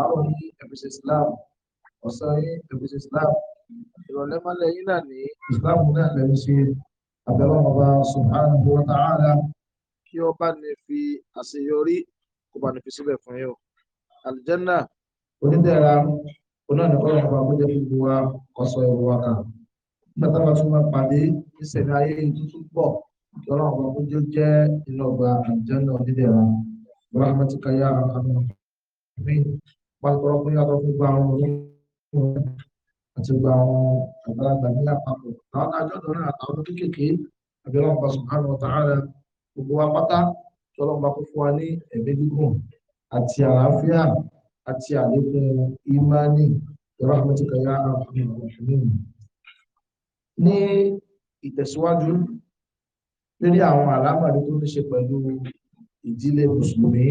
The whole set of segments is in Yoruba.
àwọn yìí ẹ̀bùsẹ̀ Islam ọ̀sán yìí ẹ̀bùsẹ̀ Islam ìrọ̀lẹ́ mọ́lẹ̀ yìí náà ní Islam náà lẹ́nu ṣe ọba subhanahu wa ta'ala kí ọba ní fi àṣeyọrí kó bá ní fi síbẹ̀ fún yóò aljanna onídẹ̀ra onáàdìkọ́lọ́ ọba àbújá gbogbo wa ọ̀sọ̀ ìwọ̀ wa kan nígbà táwọn tún máa pàdé ìṣẹ̀lẹ̀ ayé tuntun pọ̀ tọ́lá ọba kójú jẹ́ inú ọgbà àjẹ́nà dídẹ̀ra rahmatika ya àkànnà mi pàtàkì fún yàtọ̀ fún gba àwọn olóògùn àti gba àwọn àgbàlagbà ní àpapọ̀ àwọn àjọ̀dọ̀ náà àwọn ta'ala gbogbo wa pátá tọ́lá ọba kó fún wa ní ẹ̀mí gígùn àti àlàáfíà àti àlékún ìmánì rahmatika ya àkànnà mi ní ìtẹ̀síwájú lórí àwọn àlámọ̀rí tó ní ṣe pẹ̀lú ìdílé mùsùlùmí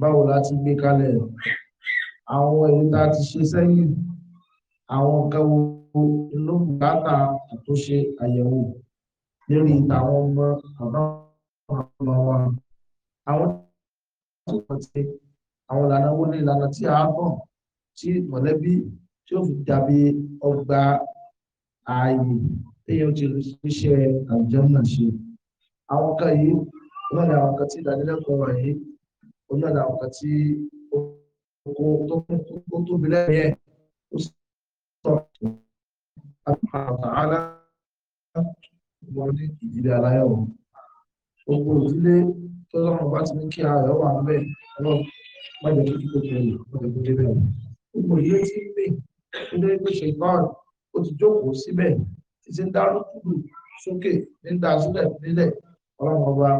báwo la ti gbé kalẹ̀ àwọn èyí tá a ti ṣe sẹ́yìn àwọn nǹkan wo ló ń bùkátà àtúnṣe àyẹ̀wò lórí ìtàwọn ọmọ ọ̀nà ọmọ wa àwọn tí wọ́n ti àwọn ìlànà wo ni ìlànà tí a bọ̀ tí mọ̀lẹ́bí tí ó fi dàbí ọgbà ààyè téèyàn ti ṣiṣẹ́ àjọmọ̀ ṣe àwọn kan yìí wọn ni àwọn kan tí ìdánilẹ́kọ̀ọ́ rẹ̀ yìí àwọn kan tí ó tóbi lẹ́yìn ẹ̀ ó sì sọ wọn ní ìdílé aláyọ̀ gbogbo ìdílé tó lọ́rùn bá ti ní kí ayọ̀ wà ń bẹ̀ mọ̀jẹ̀ tó kíkó kẹrin mọ̀jẹ̀ tó gbogbo ń ó ti jókòó ti ń darú kùdù sókè ní dá sílẹ̀ nílẹ̀ ọlọ́run ọba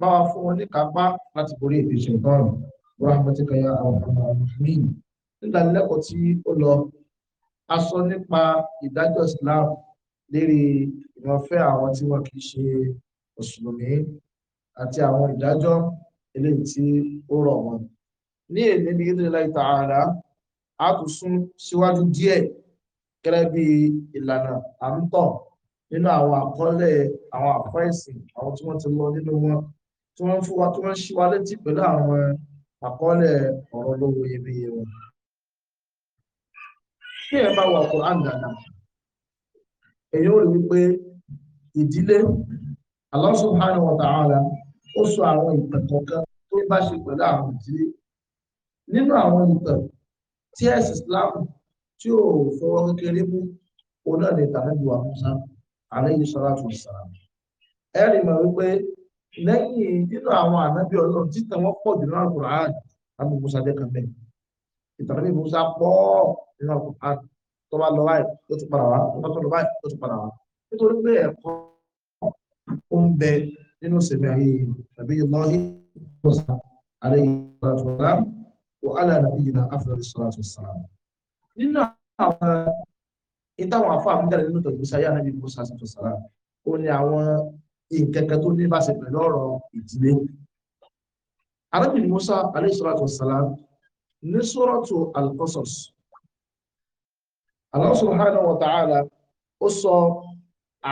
bá wa fún wọn ní kápá láti borí èdè ṣèǹtọ́rùn rahmatikaya alhamdulilayi nígbà lẹ́kọ̀ọ́ tí ó lọ a sọ nípa ìdájọ́ Islam lérí ìrànfẹ́ àwọn tí wọ́n kì í ṣe mùsùlùmí àti àwọn ìdájọ́ eléyìí tí ó rọ̀ wọn ní èdè níbi ìdílé láì tààrà a tún sún síwájú díẹ̀ gẹ́gẹ́ bí ìlànà à ń tọ̀ nínú àwọn àkọọ́lẹ̀ àwọn àkọ́ ẹ̀sìn àwọn tí wọ́n ti lọ nínú wọn tí wọ́n ń fún wa tí wọ́n ń ṣí wa létí pẹ̀lú àwọn àkọọ́lẹ̀ ọ̀rọ̀ lówó iyebíye wọn. bí ẹ bá wà Quran dada èyí ó rí wípé ìdílé Allah subhanahu wa ta'ala ó sọ àwọn ìtàn kọ̀ọ̀kan tó bá ṣe pẹ̀lú àwọn ìdílé nínú àwọn ìtàn tí ẹ̀sìn Islam tí ò fọwọ́ kékeré mú òun náà lè tàbí wà Musa alayhi salatu wassalam ẹ rí mọ̀ wípé lẹ́yìn nínú àwọn ànábì ọlọ́run títà wọ́n pọ̀ jù náà kùrọ̀ áàd àbí Musa jẹ́ kan bẹ́ẹ̀ ìtàn ní Musa pọ̀ nínú àkùrọ̀ áàd tó bá lọ báyìí tó ti padà wá tó bá tó lọ báyìí tó ti padà wá nítorí pé ẹ̀kọ́ ó ń bẹ nínú sẹ̀mí ayé tàbí ìlọ́hìn Musa alayhi salatu wassalam wa ala nabiyina nínú àwọn ìtàwọn afọ àmújáde nínú tọ̀jú sáyà náà bí mo sá sọ̀tọ̀ sára ó ní àwọn ìkẹ̀kẹ́ tó ní bá ṣe pẹ̀lú ìdílé arábìnrin Musa alayhi salatu wassalam ní suratu al-Qasas Allah subhanahu wa ta'ala ó sọ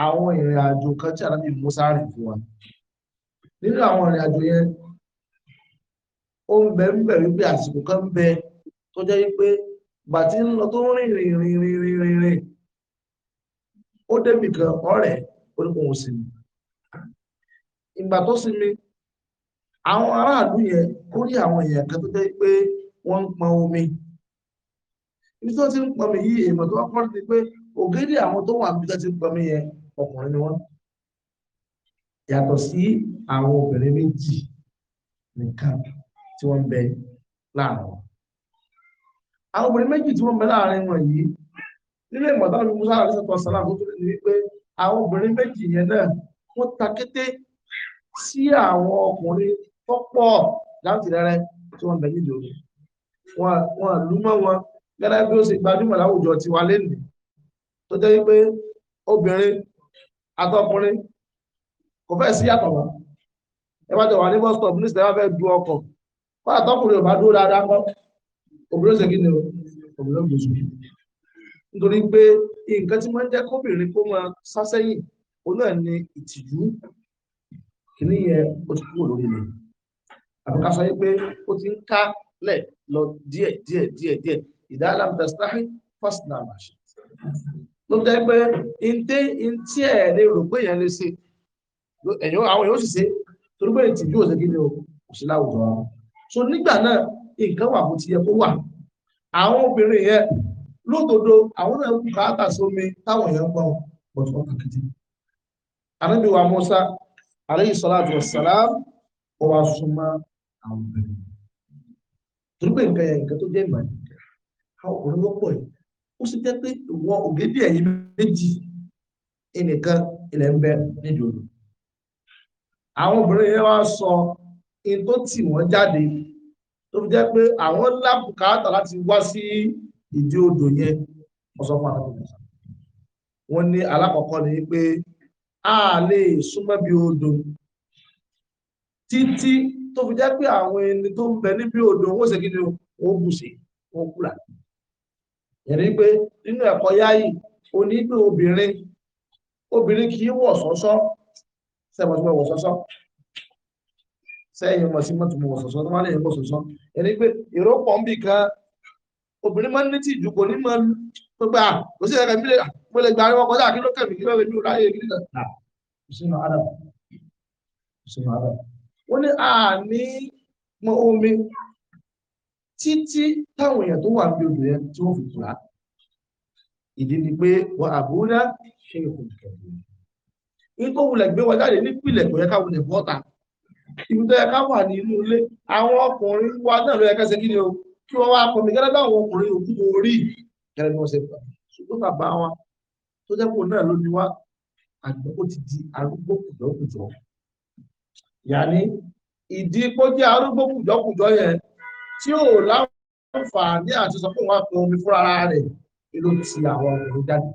àwọn ìrìn àjò kan tí arábìnrin Musa rìn fún wa nínú àwọn ìrìn àjò yẹn ó ń bẹ ń bẹ wípé àsìkò kan ń bẹ tó jẹ́ wípé bàtí ń lọ tó rìn rìn rìn rìn rìn rìn rìn ó débì kan ọ̀rẹ́ oníkùn òsì mi ìgbà tó sinmi àwọn aráàlú yẹn kó rí àwọn èèyàn kan tó jẹ́ pé wọ́n ń pọn omi ibi tó ti ń pọn mi yìí èèmọ̀ tó wá pọ́n ti pé ògidì àwọn tó wà níbi tó ti ń pọn mi yẹn ọkùnrin ni wọ́n yàtọ̀ sí àwọn obìnrin méjì nìkan tí wọ́n ń bẹ láàrin wọn àwọn obìnrin méjì tí wọ́n bẹ láàrin wọn yìí nílé ìmọ̀tá mi musa àti sẹ́tọ̀ sàlámù tó ní wípé àwọn obìnrin méjì yẹn náà wọ́n ta kété sí àwọn ọkùnrin tó pọ̀ láti rẹ́rẹ́ tí wọ́n bẹ nílò wọn lú mọ́ wọn gẹ́gẹ́ bí ó ṣe gbajúmọ̀ láwùjọ tiwa lẹ́nu tó jẹ́ wípé obìnrin àtọkùnrin kò fẹ́ sí yàtọ̀ wọn ẹ bá jọ wà ní bus stop ní ìsìlẹ̀ wà fẹ́ du ọkọ̀ wọn àtọkùnrin ò bá dúró dáadáa kọ́ obìnrin ṣe kí ni o obìnrin ò gbèsò nítorí pé nǹkan tí wọ́n ń jẹ́ kóbìnrin kó máa sásẹ́yìn òun náà ni ìtìjú kìíní yẹn ó ti kúrò lórí mi àbúkà sọ pé ó ti ń ká lẹ̀ lọ díẹ̀ díẹ̀ díẹ̀ díẹ̀ ìdáàlà mùtàsítáhì fásitì àmàṣe ló jẹ́ pé ntẹ́ ntí ẹ̀ lè rò pé èèyàn lè ṣe ẹ̀yìn àwọn èèyàn sì ṣe torí pé ìtìjú òṣèkí ni o kò sí láwùjọ so nígbà náà nǹkan wà bó ti yẹ kó wà àwọn obìnrin yẹn lódodo àwọn náà kú káàtà sómi táwọn yẹn ń gbọ́n bọ̀tù wọn kàkìtì anábì wa Musa alayhi salatu wassalam ó wá súnmọ́ àwọn obìnrin torípé nǹkan yẹn nǹkan tó jẹ́ ìmọ̀ nìkan àwọn ọkùnrin ló pọ̀ yìí ó sì jẹ́ pé ìwọ ògédé ẹ̀yìn méjì ẹnìkan ilẹ̀ ń bẹ nídìí àwọn obìnrin yẹn wá sọ in tó tì wọ́n jáde tó fi jẹ́ pé àwọn lábùkátà láti wá sí ìdí odò yẹn wọ́n sọ fún àwọn ọmọ ìsàn wọ́n ní alákọ̀ọ́kọ́ ni pé a lè súnmọ́ bí odò títí tó fi jẹ́ pé àwọn ẹni tó ń bẹ níbi odò wọ́n ṣe kí ni ó bù sí wọ́n kúrà ẹ̀rí pé nínú ẹ̀kọ́ yáyì onígbè obìnrin obìnrin kì í wọ̀ sọ́sọ́ sẹ́wọ̀n tí wọ́n wọ̀ sọ́sọ́ sẹ́yìn ọmọ sí mọ́tò mọ́ sọ̀sọ́ tó máa lè mọ́ sọ̀sọ́ ẹni pé èrò pọ̀ ń bì kan obìnrin máa ń ní tí ìjù kò ní máa tó gbà kò sí ẹ̀ka ìbílẹ̀ mo lè gba àwọn ọkọ̀ dáa kí ló kẹ̀mí kí ló rẹ̀ ní òráyè ìbílẹ̀ kan náà ìṣúná adam ìṣúná adam wọ́n ní àní mọ omi títí táwọn èèyàn tó wà níbi obìnrin tí wọ́n fi kùrà ìdí ni pé wọ́n àbúrò ṣe ìkùnkùn ní tó wulẹ̀ gbé wọn jáde nípìnlẹ̀ kò yẹ ká wulẹ̀ bọ́ta ìmúdọ̀ ẹ̀ká wà ní inú ilé àwọn ọkùnrin wa náà ló yẹ kẹsẹ̀ kí ni o kí wọ́n wá pọ̀ mí gẹ́gẹ́ bá àwọn ọkùnrin òkú mo rí gẹ́gẹ́ bí wọ́n ṣe gbà ṣùgbọ́n bàbá wa tó jẹ́ pé òun náà ló ní wá àgbẹ̀ ó ti di arúgbó kùjọ́kùjọ́ yàní ìdí kó jẹ́ arúgbó kùjọ́kùjọ́ yẹn tí ò láǹfààní àti sọ pé òun á pọn omi fúnra rẹ̀ ló ti àwọn ọkùnrin jáde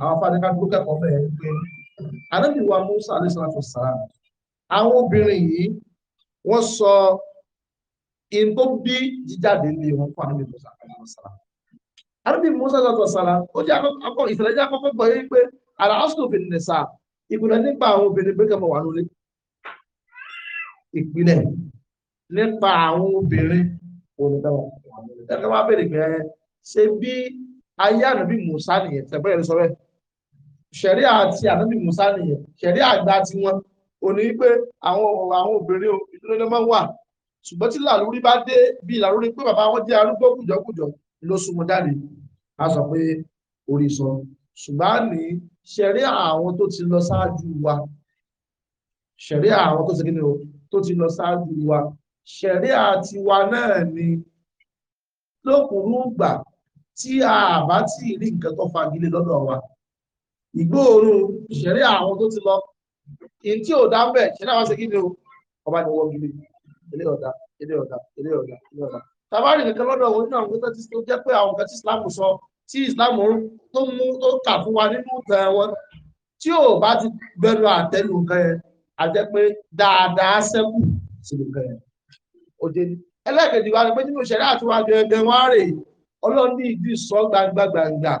àwọn afáàdékà gbókẹ́kọ̀ọ́ bẹ́ẹ̀ pé àwọn obìnrin yìí wọ́n sọ in tó bí jíjáde ní wọn fún àdúgbò musa aláwọ̀sára àdúgbò musa aláwọ̀sára ó jẹ́ àkọ́kọ́ ìṣẹ̀lẹ̀ jẹ́ àkọ́kọ́ gbọ́ yé pé àrà ọ́sùn òfin nìsa ìpìlẹ̀ nípa àwọn obìnrin pé kẹmọ̀ wà lólé ìpìlẹ̀ nípa àwọn obìnrin olùdáwà wà lólé ẹ̀ka wá bèrè pé ṣe bí ayé ànábì musa nìyẹn tẹ̀gbọ́n yẹn sọ bẹ́ẹ̀ ṣẹ̀rí àti ànábì musa nìyẹn ṣẹ̀rí àgbà tiwọn òní pé àwọn àwọn obìnrin o ìdúró ló máa ń wà ṣùgbọ́n tí làlórí bá dé bí làlórí pé bàbá wọn jẹ́ arúgbó kùjọkùjọ ló súnmọ́ jáde a sọ pé orí sọ ṣùgbọ́n ní ṣẹ̀rí àwọn tó ti lọ ṣáájú wa ṣẹ̀rí àwọn tó ti kíni o tó ti lọ ṣáájú wa ṣẹ̀rí àtiwa náà ni lókùnrin gbà tí a bá tí ì rí nǹkan tó fagilé lọ́dọ̀ wa ìgbóòórùn ṣẹ̀rí àwọn tó ti lọ in tí ò dá ń bẹ̀ ṣe náà wá sí kí ni o ọba ni wọ́n gidi ilé ọ̀dà ilé ọ̀dà ilé ọ̀dà ilé ọ̀dà tabari nìkan lọ́dọ̀ òun náà nǹkan tí ó jẹ́ pé àwọn nǹkan tí islam sọ tí islam tó mú tó kà fún wa nínú ìtàn wọn tí ò bá ti gbẹnu àtẹnu nǹkan yẹn a jẹ́ pé dáadáa sẹ́kù sí nǹkan yẹn òde ẹlẹ́ẹ̀kejì wa ni pé nínú ìṣẹ̀lẹ̀ àti wájú ẹgbẹ́ wọn á rè ọlọ́run ní ìdí sọ gbangba gbangba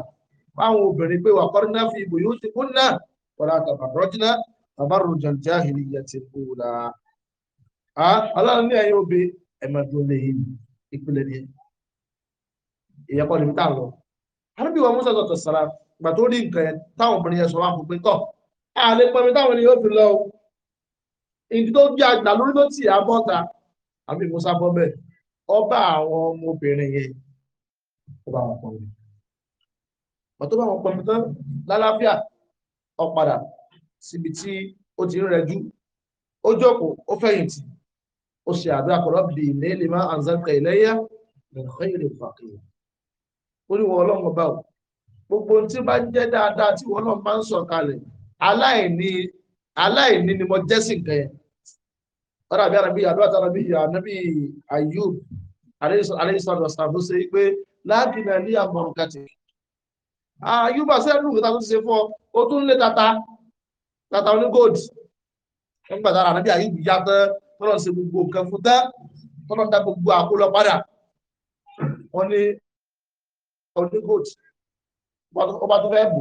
fáwọn obìnrin pé wà kọ́rin náà fi ìbò yóò ti kún náà kọ́ra àtàbàrọ́jì náà tabarruj al-jahiliyyati al-ula ọlọ́run ní ẹ̀yìn obe ẹ̀mọ̀dún lè yìí ni èèyàn kọ́ lè fi tà lọ. àrùbí wa musa sọ̀tọ̀ sara gbà tó rí nǹkan yẹn táwọn obìnrin yẹn sọ wá fún pé tọ̀ a lè pọnmi táwọn ènìyàn fi lọ o ìdí tó gbé àgbà lórí ló tì á bọ́ta àbí musa bọ́ bẹ́ẹ̀ ọba àwọn ọmọbìnrin yẹn ó bá wọn pọnmi. ọ̀tọ́ bá wọn pọnmi tán lálàáfíà ọ̀padà síbi tí ó ti ń rẹjú ó jókòó ó fẹ̀yìntì ó ṣe àdúrà pẹ̀lú ọ̀bì ní lè má àǹzàkà ìlẹ́yà nǹkan ìrè pàkì ó ní wọ ọlọ́run ọba o gbogbo tí bá ń jẹ́ dáadáa tí wọ́n náà máa ń sọ kalẹ̀ aláìní ni mo jẹ́ sí nǹkan yẹn ọ̀rọ̀ àbí àràbí àdúrà tí àràbí ànábì Ayub aláìsàdọ̀ sàbó ṣe pé láàbìnrin ní àmọ̀rùn kàtì Ayuba sẹ́nu ìta tó ti ṣe fún ó tún lé tata tata oní gold wọ́n gbàtà rà níbi àyíkú yá tán tọ́lọ̀ sí gbogbo nǹkan fún tán tọ́lọ̀ dá gbogbo àkólọ padà wọ́n ní oní gold ọba tó fẹ́ bù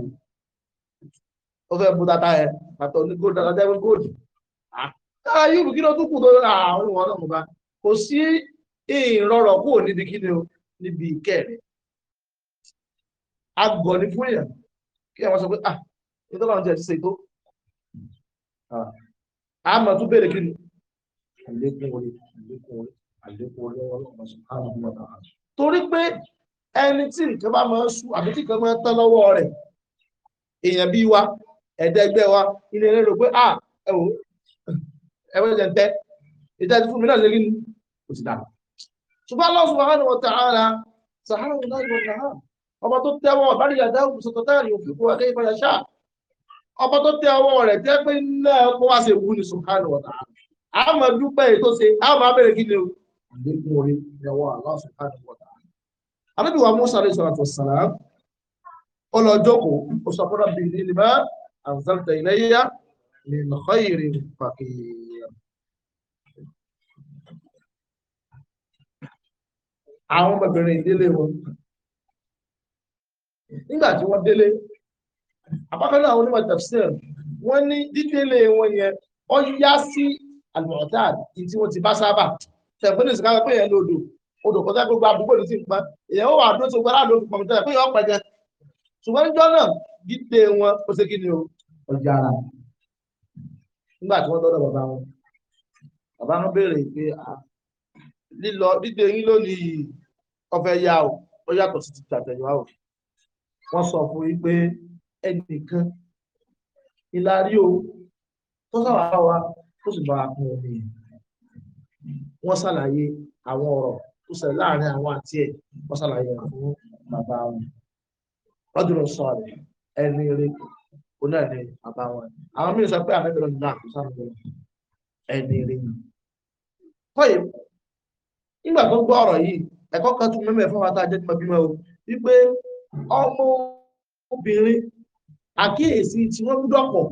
ó fẹ́ bù tata ẹ̀ tata oní gold tata jẹ́ gold ah yóò kí ló tún kù tó àwọn ah, ìwọ̀n náà bá kò sí ìrọ̀rọ̀ kúrò níbi kí ni o níbi ìkẹrẹ agọ̀ ní fún èèyàn kí àwọn sọ pé ah ìtọ́lọ́run jẹ́ ti ṣètò a ah, máa tún bèèrè kí ni àlékún orí àlékún orí àlékún orí ọwọ́ ọmọ sùpáàmù ọmọ náà torí pé ẹni tí nǹkan bá máa ń sú àbí tí nǹkan máa ń tán lọ́wọ́ rẹ̀ èèyàn bíi wa ẹ̀ẹ́dẹ́gbẹ́ wa ilé rẹ̀ rò pé à ẹ̀wò ẹ̀wọ́ ń tẹ́ ìjà fún mi náà lé nínú kò sì ṣùgbọ́n Allah subhanahu wa ta'ala sàhárà wọn láì wọn náà ọba tó tẹ́wọ́ bá rí yàtọ̀ sọ̀tọ̀ táàrí òfin kó akẹ́kọ̀ọ́ yà ọba tó tẹ ọwọ́ rẹ̀ jẹ́ pé náà kó wá ṣe wúni subhanahu wa ta'ala àmọ́ dúpẹ́ ètò ṣe àmọ́ abẹ́rẹ́ kí ni o àlékún orí ẹ̀wọ̀ Allah subhanahu wa ta'ala. Ànábì wa Musa alayhi salatu wa salam ó lọ jókòó ó sọ fún rabbi inni ma anzalta ilayya min khayrin faqir. àwọn ọmọbìnrin ìdílé wọn nígbà tí wọ́n délé àbákanáà àwọn onímọ̀ tafsir wọ́n ní dídélé wọn yẹn ó yá sí al-mu'tad tí wọ́n ti bá sábà tẹ̀gbọ́n ní ìsìnkáwé pé yẹn lòdò odò kọjá gbogbo àdúgbò ní ti ń pa èyàn ó wà dúró tó gbára lórí pọ̀n tẹ́lẹ̀ pé yẹn ó pẹ́ jẹ ṣùgbọ́n níjọ́ náà dídé wọn ó ṣe kí ni o ọjà ara nígbà tí wọ́n dọ́dọ̀ bàbá wọn bàbá wọn béèrè pé lílọ dídé yín lónìí ọfẹ yá o ó yàtọ̀ sí ti tàtẹ̀yìn wa o wọ́n sọ fún yín pé ẹnìkan ìlàrí o tó sábà wa tó sì bá pọn omi yẹn wọ́n ṣàlàyé àwọn ọ̀rọ̀ tó ṣẹlẹ̀ láàrin àwọn àti ẹ̀ wọ́n ṣàlàyé rẹ̀ fún bàbá wọn ọdún sọ rẹ̀ ẹni rí oná ẹni bàbá wọn àwọn mìíràn sọ pé àwọn ẹgbẹ̀rún nígbà tó sábà ẹni rí ni. kọ́yì nígbà tó gbọ́ ọ̀rọ̀ yìí ẹ̀kọ́ kan tún mẹ́mẹ́ fún wa tá a jẹ́ tí mo bímọ o wípé ọmọ obìnrin àkíyèsí tí wọ́n gbúdọ̀ pọ̀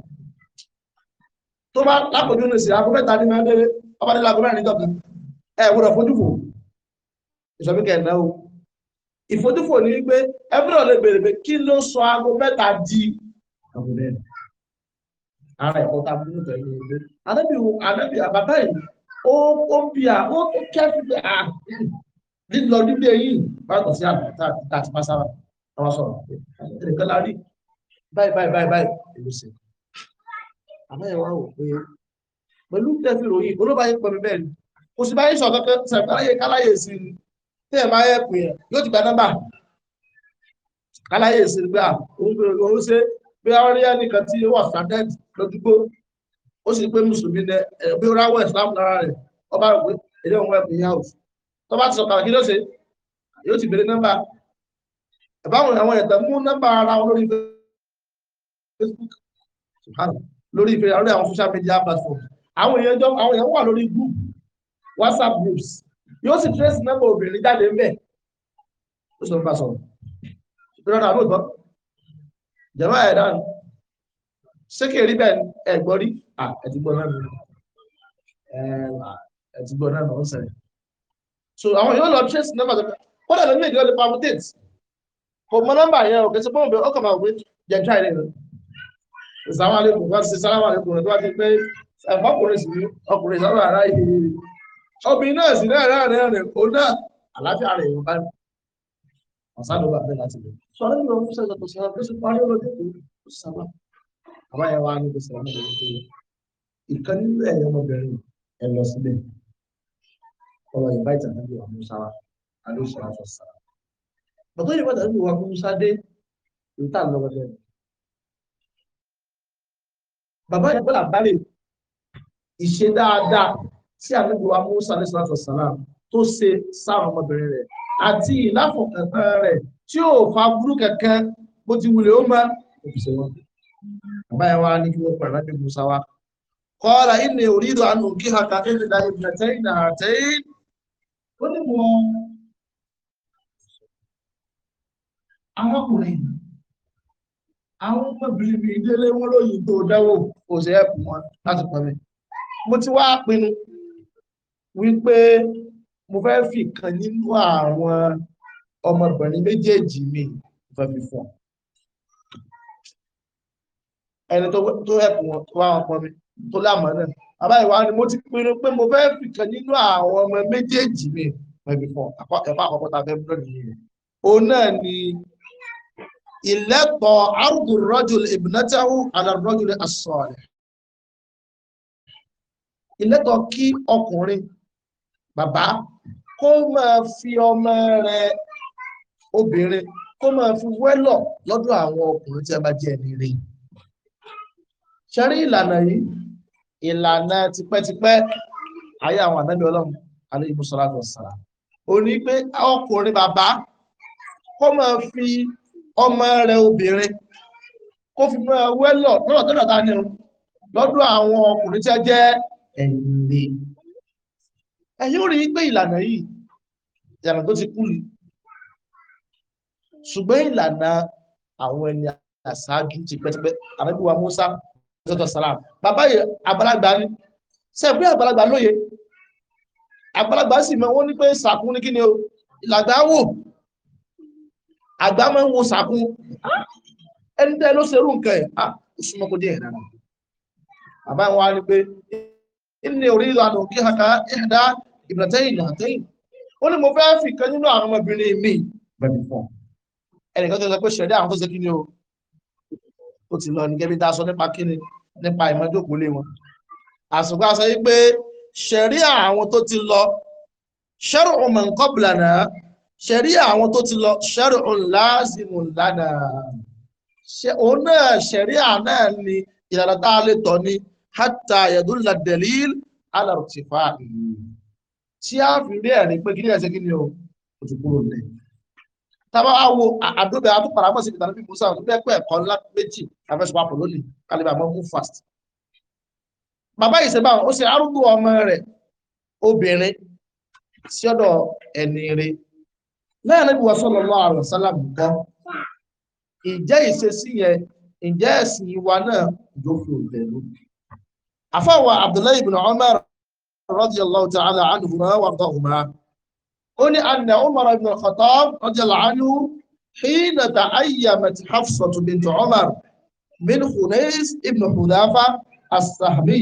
tó bá lápòjú ní ìsìn àkókò mẹ́ta ní máa délé ọba nílá àkókò mẹ́rin tọ́kì ẹ gbọ́dọ̀ fojúfò ìṣọ́bí kẹ̀ẹ́nà o ìfojúfò ní wípé ẹgbẹ́rún lè bèrè pé kí ló sọ aago mẹ́ta di àkókò mẹ́rin ara ẹ̀kọ́ ta fún ìtọ́ ìlú ìlú adébí adébí àbátá yìí ó ó bí a ó tó kẹ́fì pé a lílọ lílé yìí bá tọ̀ sí àbátá àti pàṣẹ àwọn sọ̀rọ̀ ẹ̀ẹ́dẹ̀kẹ́ la rí báyìí báyìí báyìí báyìí èlò sí àmọ́ ẹ wá wò pé pẹ̀lú tẹfì ròyìn olóba yẹn pẹ̀lú bẹ́ẹ̀ ni kò sì báyìí sọ kankan sàkáláyè káláyè sí ni tí ẹ máa yẹ pè yóò ti gba nọ́mbà káláyè sí ni pé òun pé òun ṣe pé àwọn rí ẹnìkan tí wọ́n sàdẹ́t lójúgbó ó sì pé mùsùlùmí ni ẹ bí ó ráwọ̀ islam lára rẹ̀ ọba rẹ̀ ẹ̀ Facebook lórí ìfẹ́ lórí àwọn social media platforms àwọn èèyàn jọ àwọn èèyàn wà lórí group WhatsApp groups yóò sì trace nọ́mbà obìnrin jáde ń bẹ̀ ó sọ nípa sọ̀rọ̀ ìrọ̀lẹ́ àbúrò gbọ́ jẹ̀mọ́ ẹ̀ dànù sékèrí bẹ́ẹ̀ ẹ̀gbọ́n rí ẹ̀tìgbọ́n náà ẹ̀tìgbọ́n náà ń sẹ̀rẹ̀ so àwọn yóò lọ trace nọ́mbà tó kọ́ dà lórí ìdílé permutate kò mọ nọ́mbà yẹn ò kẹsì bọ́ọ̀mù bẹ́ẹ̀ ọkọ̀ máa wí jẹ́ try it ìsàwọn àlekùn wọ́n ti sáwọn àlekùn rẹ̀ tó wá ti pé ọkùnrin sì ní ọkùnrin sáwọn ará ìhè obìnrin náà sì náà rẹ̀ rẹ̀ kó náà àlàáfíà rẹ̀ yóò bá ní ọ̀sán ló bá fẹ́ láti lè sọ ọ́ nínú ọmọ sẹ́yìn tó sọ̀rọ̀ tó sì parí lóde tó sábà àwọn ẹ̀yà wa ní kò sọ̀rọ̀ náà lóde tó yẹ ìkan nínú ẹ̀yà ọmọbìnrin ẹ̀ lọ sílẹ̀ ọ̀rọ̀ ìbáyìí tàbí ìwà musa bàbá ìbọ́là balẹ̀ ìṣe dáadáa tí àdúgbò amúsà ní sàlátà sàlám tó ṣe sáwọn ọmọbìnrin rẹ̀ àti ìláfọ̀kàntán rẹ̀ tí ò fa burú kankan bó ti wulẹ̀ ó máa òfìsẹ̀ wọn. bàbá yẹn wá ní kí wọ́n pàdé lábẹ́ musa wa. kọ́ra ìní orídò àánú kí ha ká kéde da ìbìlẹ̀ tẹ́yìn náà tẹ́yìn. ó ní wọ́n arákùnrin àwọn ọmọbìnrin mi délé wọn lóyìn tó dáwọ́ kò sí ẹ̀pù wọn láti pọ̀ mi. mo ti wá pinnu wípé mo fẹ́ fi kan nínú àwọn ọmọbìnrin méjèèjì mi fẹ́ fi fún ọ. ẹni tó ẹ̀pù wọn tó wá wọn pọ̀ mi tó lámọ̀ náà bàbá ìwà ni mo ti pinnu pé mo fẹ́ fi kan nínú àwọn ọmọ méjèèjì mi fẹ́ fi fún ọ. ẹ̀fọ́ àkọ́kọ́ ta fẹ́ búrọ́dì yìí òun náà ni ìlẹ́tọ̀ ardu rọ́jùl ìbìnátàwù alárọ́jùl asọ̀rẹ̀ ìlẹ́tọ̀ kí ọkùnrin bàbá kó máa fi ọmọ rẹ̀ obìnrin kó máa fi wẹ́lọ̀ lọ́dọ̀ àwọn ọkùnrin tí a bá jẹ́ ẹni rẹ̀ ìlànà yìí ìlànà tipẹ́tipẹ́ ayé àwọn ànábì ọlọ́run alayhi salatu wassalam ó ní pé ọkùnrin bàbá kó máa fi ọmọ rẹ̀ obìnrin kó fi mọ́ wẹ́lọ̀ lọ́nà tó dàtà ní lọ́dún àwọn ọkùnrin tí a jẹ́ ẹ̀yìnlẹ̀ ẹ̀yìn rí pé ìlànà yìí ìlànà tó ti kú ni ṣùgbọ́n ìlànà àwọn ẹni àṣáájú ti pẹ́tipẹ́ àrẹ́bíwá Musa ṣètò sàlám bàbá yìí àgbàlagbà ni sẹ́ẹ̀bí àgbàlagbà lóye àgbàlagbà sì mọ wọ́n ní pé sàkún ní kí ni o ìlàgbà wò àgbà máa ń wo sàkún ẹni tẹ́ ló ṣerú nǹkan ẹ̀ ah ó súnmọ́ kó díẹ̀ dára bàbá wa ni pé ilé orí ìlànà òkè haka ìhàdá ìbìlẹ̀tẹ́yìn ìlàtẹ́yìn ó ní mo fẹ́ fi kan nínú àwọn ọmọbìnrin mi bẹ̀mí fún ẹnìkan tó sọ pé ṣẹ̀dá àwọn tó ṣe kí ni o ó ti lọ ní gẹ́bí tá a sọ nípa kíni nípa ìmọ̀jókòó lé wọn àsìkò àṣẹ yìí pé ṣẹ̀rí àwọn tó ti lọ ṣẹ́rù ọmọ nǹkan bìlànà ṣẹ̀rí àwọn tó ti lọ ṣẹ́rù ńláàzìmù lánà òun náà ṣẹ̀rí àná ni ìlànà tá a lè tọ̀ ni hátà yẹ̀dúnlá dẹ̀líl alàrùtìfà tí a fi rí ẹ̀rí pé kí ní ẹ̀sẹ̀ kí ni o kò ti kúrò lẹ̀. tábà wá wo àdóbẹ̀ àtúpàrà mọ̀ sí ìtàn bí musa tó dẹ́pẹ́ ẹ̀kọ́ ńlá méjì àfẹsùpá pọ̀ lónìí kálíbà mọ́ mú fast. bàbá yìí ṣe báwọn ó ṣe arúgbó ọmọ rẹ̀ obìnrin sí ọ̀dọ̀ ẹni rẹ̀ lẹ́yìn níbi wọ́n sọ̀rọ̀ lọ́wọ́ àrùn sálàmù kọ́ ìjẹ́ ìṣesí yẹn ìjẹ́ ẹ̀sìn ìwà náà ìjókòó ìbẹ̀rù. àfọwọ́ abdullahi ibn umar radiyallahu ta'ala anhuma wa ardahuma ó ní anna umar ibn khattab radiyallahu anhu hina ta'ayyamat hafsatu bint umar min khunais ibn hudafa as-sahmi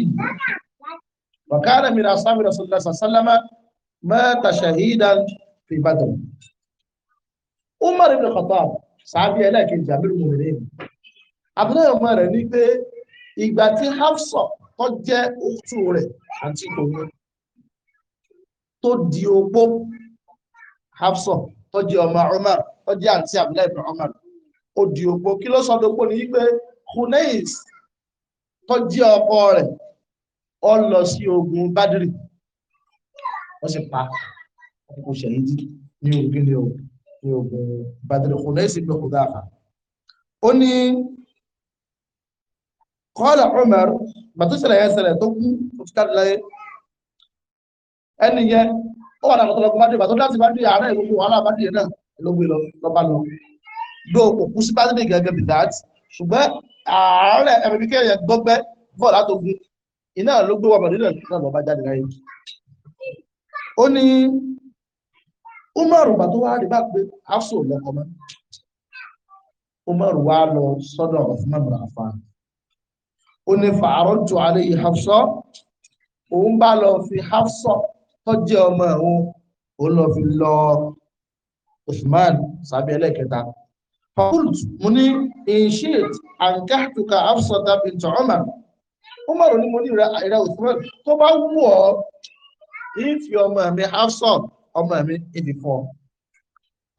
wa kana min ashabi rasulillah sallallahu alaihi wasallam mata shahidan Umar ibn Khattab sàábí ẹlẹ́ẹ̀kejì àmì ìmọ̀lẹ́ mi abúlé ọmọ rẹ̀ ní pé ìgbà tí Hafsa tó jẹ́ òtú rẹ̀ àti òun tó di ogbó Hafsa tó jẹ́ ọmọ Umar tó jẹ́ àǹtí abúlé ibn Umar ó di ogbó kí ló sọ dogbo ní pé Hunais tó jẹ́ ọkọ rẹ̀ ó lọ sí ogun Badri wọ́n sì pa ọkọ̀ ṣẹ̀yìn ní ògìlẹ̀ ogun ní ogun badr khunais ibn khudafa ó ní qala umar bàtúṣẹlẹ̀ yẹn ṣẹlẹ̀ tó kú tó ti káàdì láyé ẹni yẹn ó wà láwọn tọlọgbọn bàdìrì bàtó láti bàdìrì ààrẹ ìlú wàhálà bàdìrì náà ló gbé lọ lọba lọ do òkú sí bàdìrì gẹ́gẹ́ bí dat ṣùgbọ́n ààrẹ ẹbí kẹyẹ gbọgbẹ bọọlù àtògùn iná ló gbé wà bàdìrì náà lọba jáde láyé ó ní umaru bá tó wá rí bá pé afso lọkọ mọ umaru wá lọ sọ́dọ̀ Uthman bin Affan ó ní fa'aradtu alayhi Hafsa òun bá lọ fi Hafsa tó jẹ́ ọmọ òun òun lọ fi lọ Uthman sábẹ́ ẹlẹ́kẹta faqultu mo ní in shi'ta ankahtuka Hafsa bint Umar Umar ní mo ní ìrẹ Uthman tó bá wù ọ́ ìfi ọmọ mi Hafsa ọmọ mi ìdí fún ọ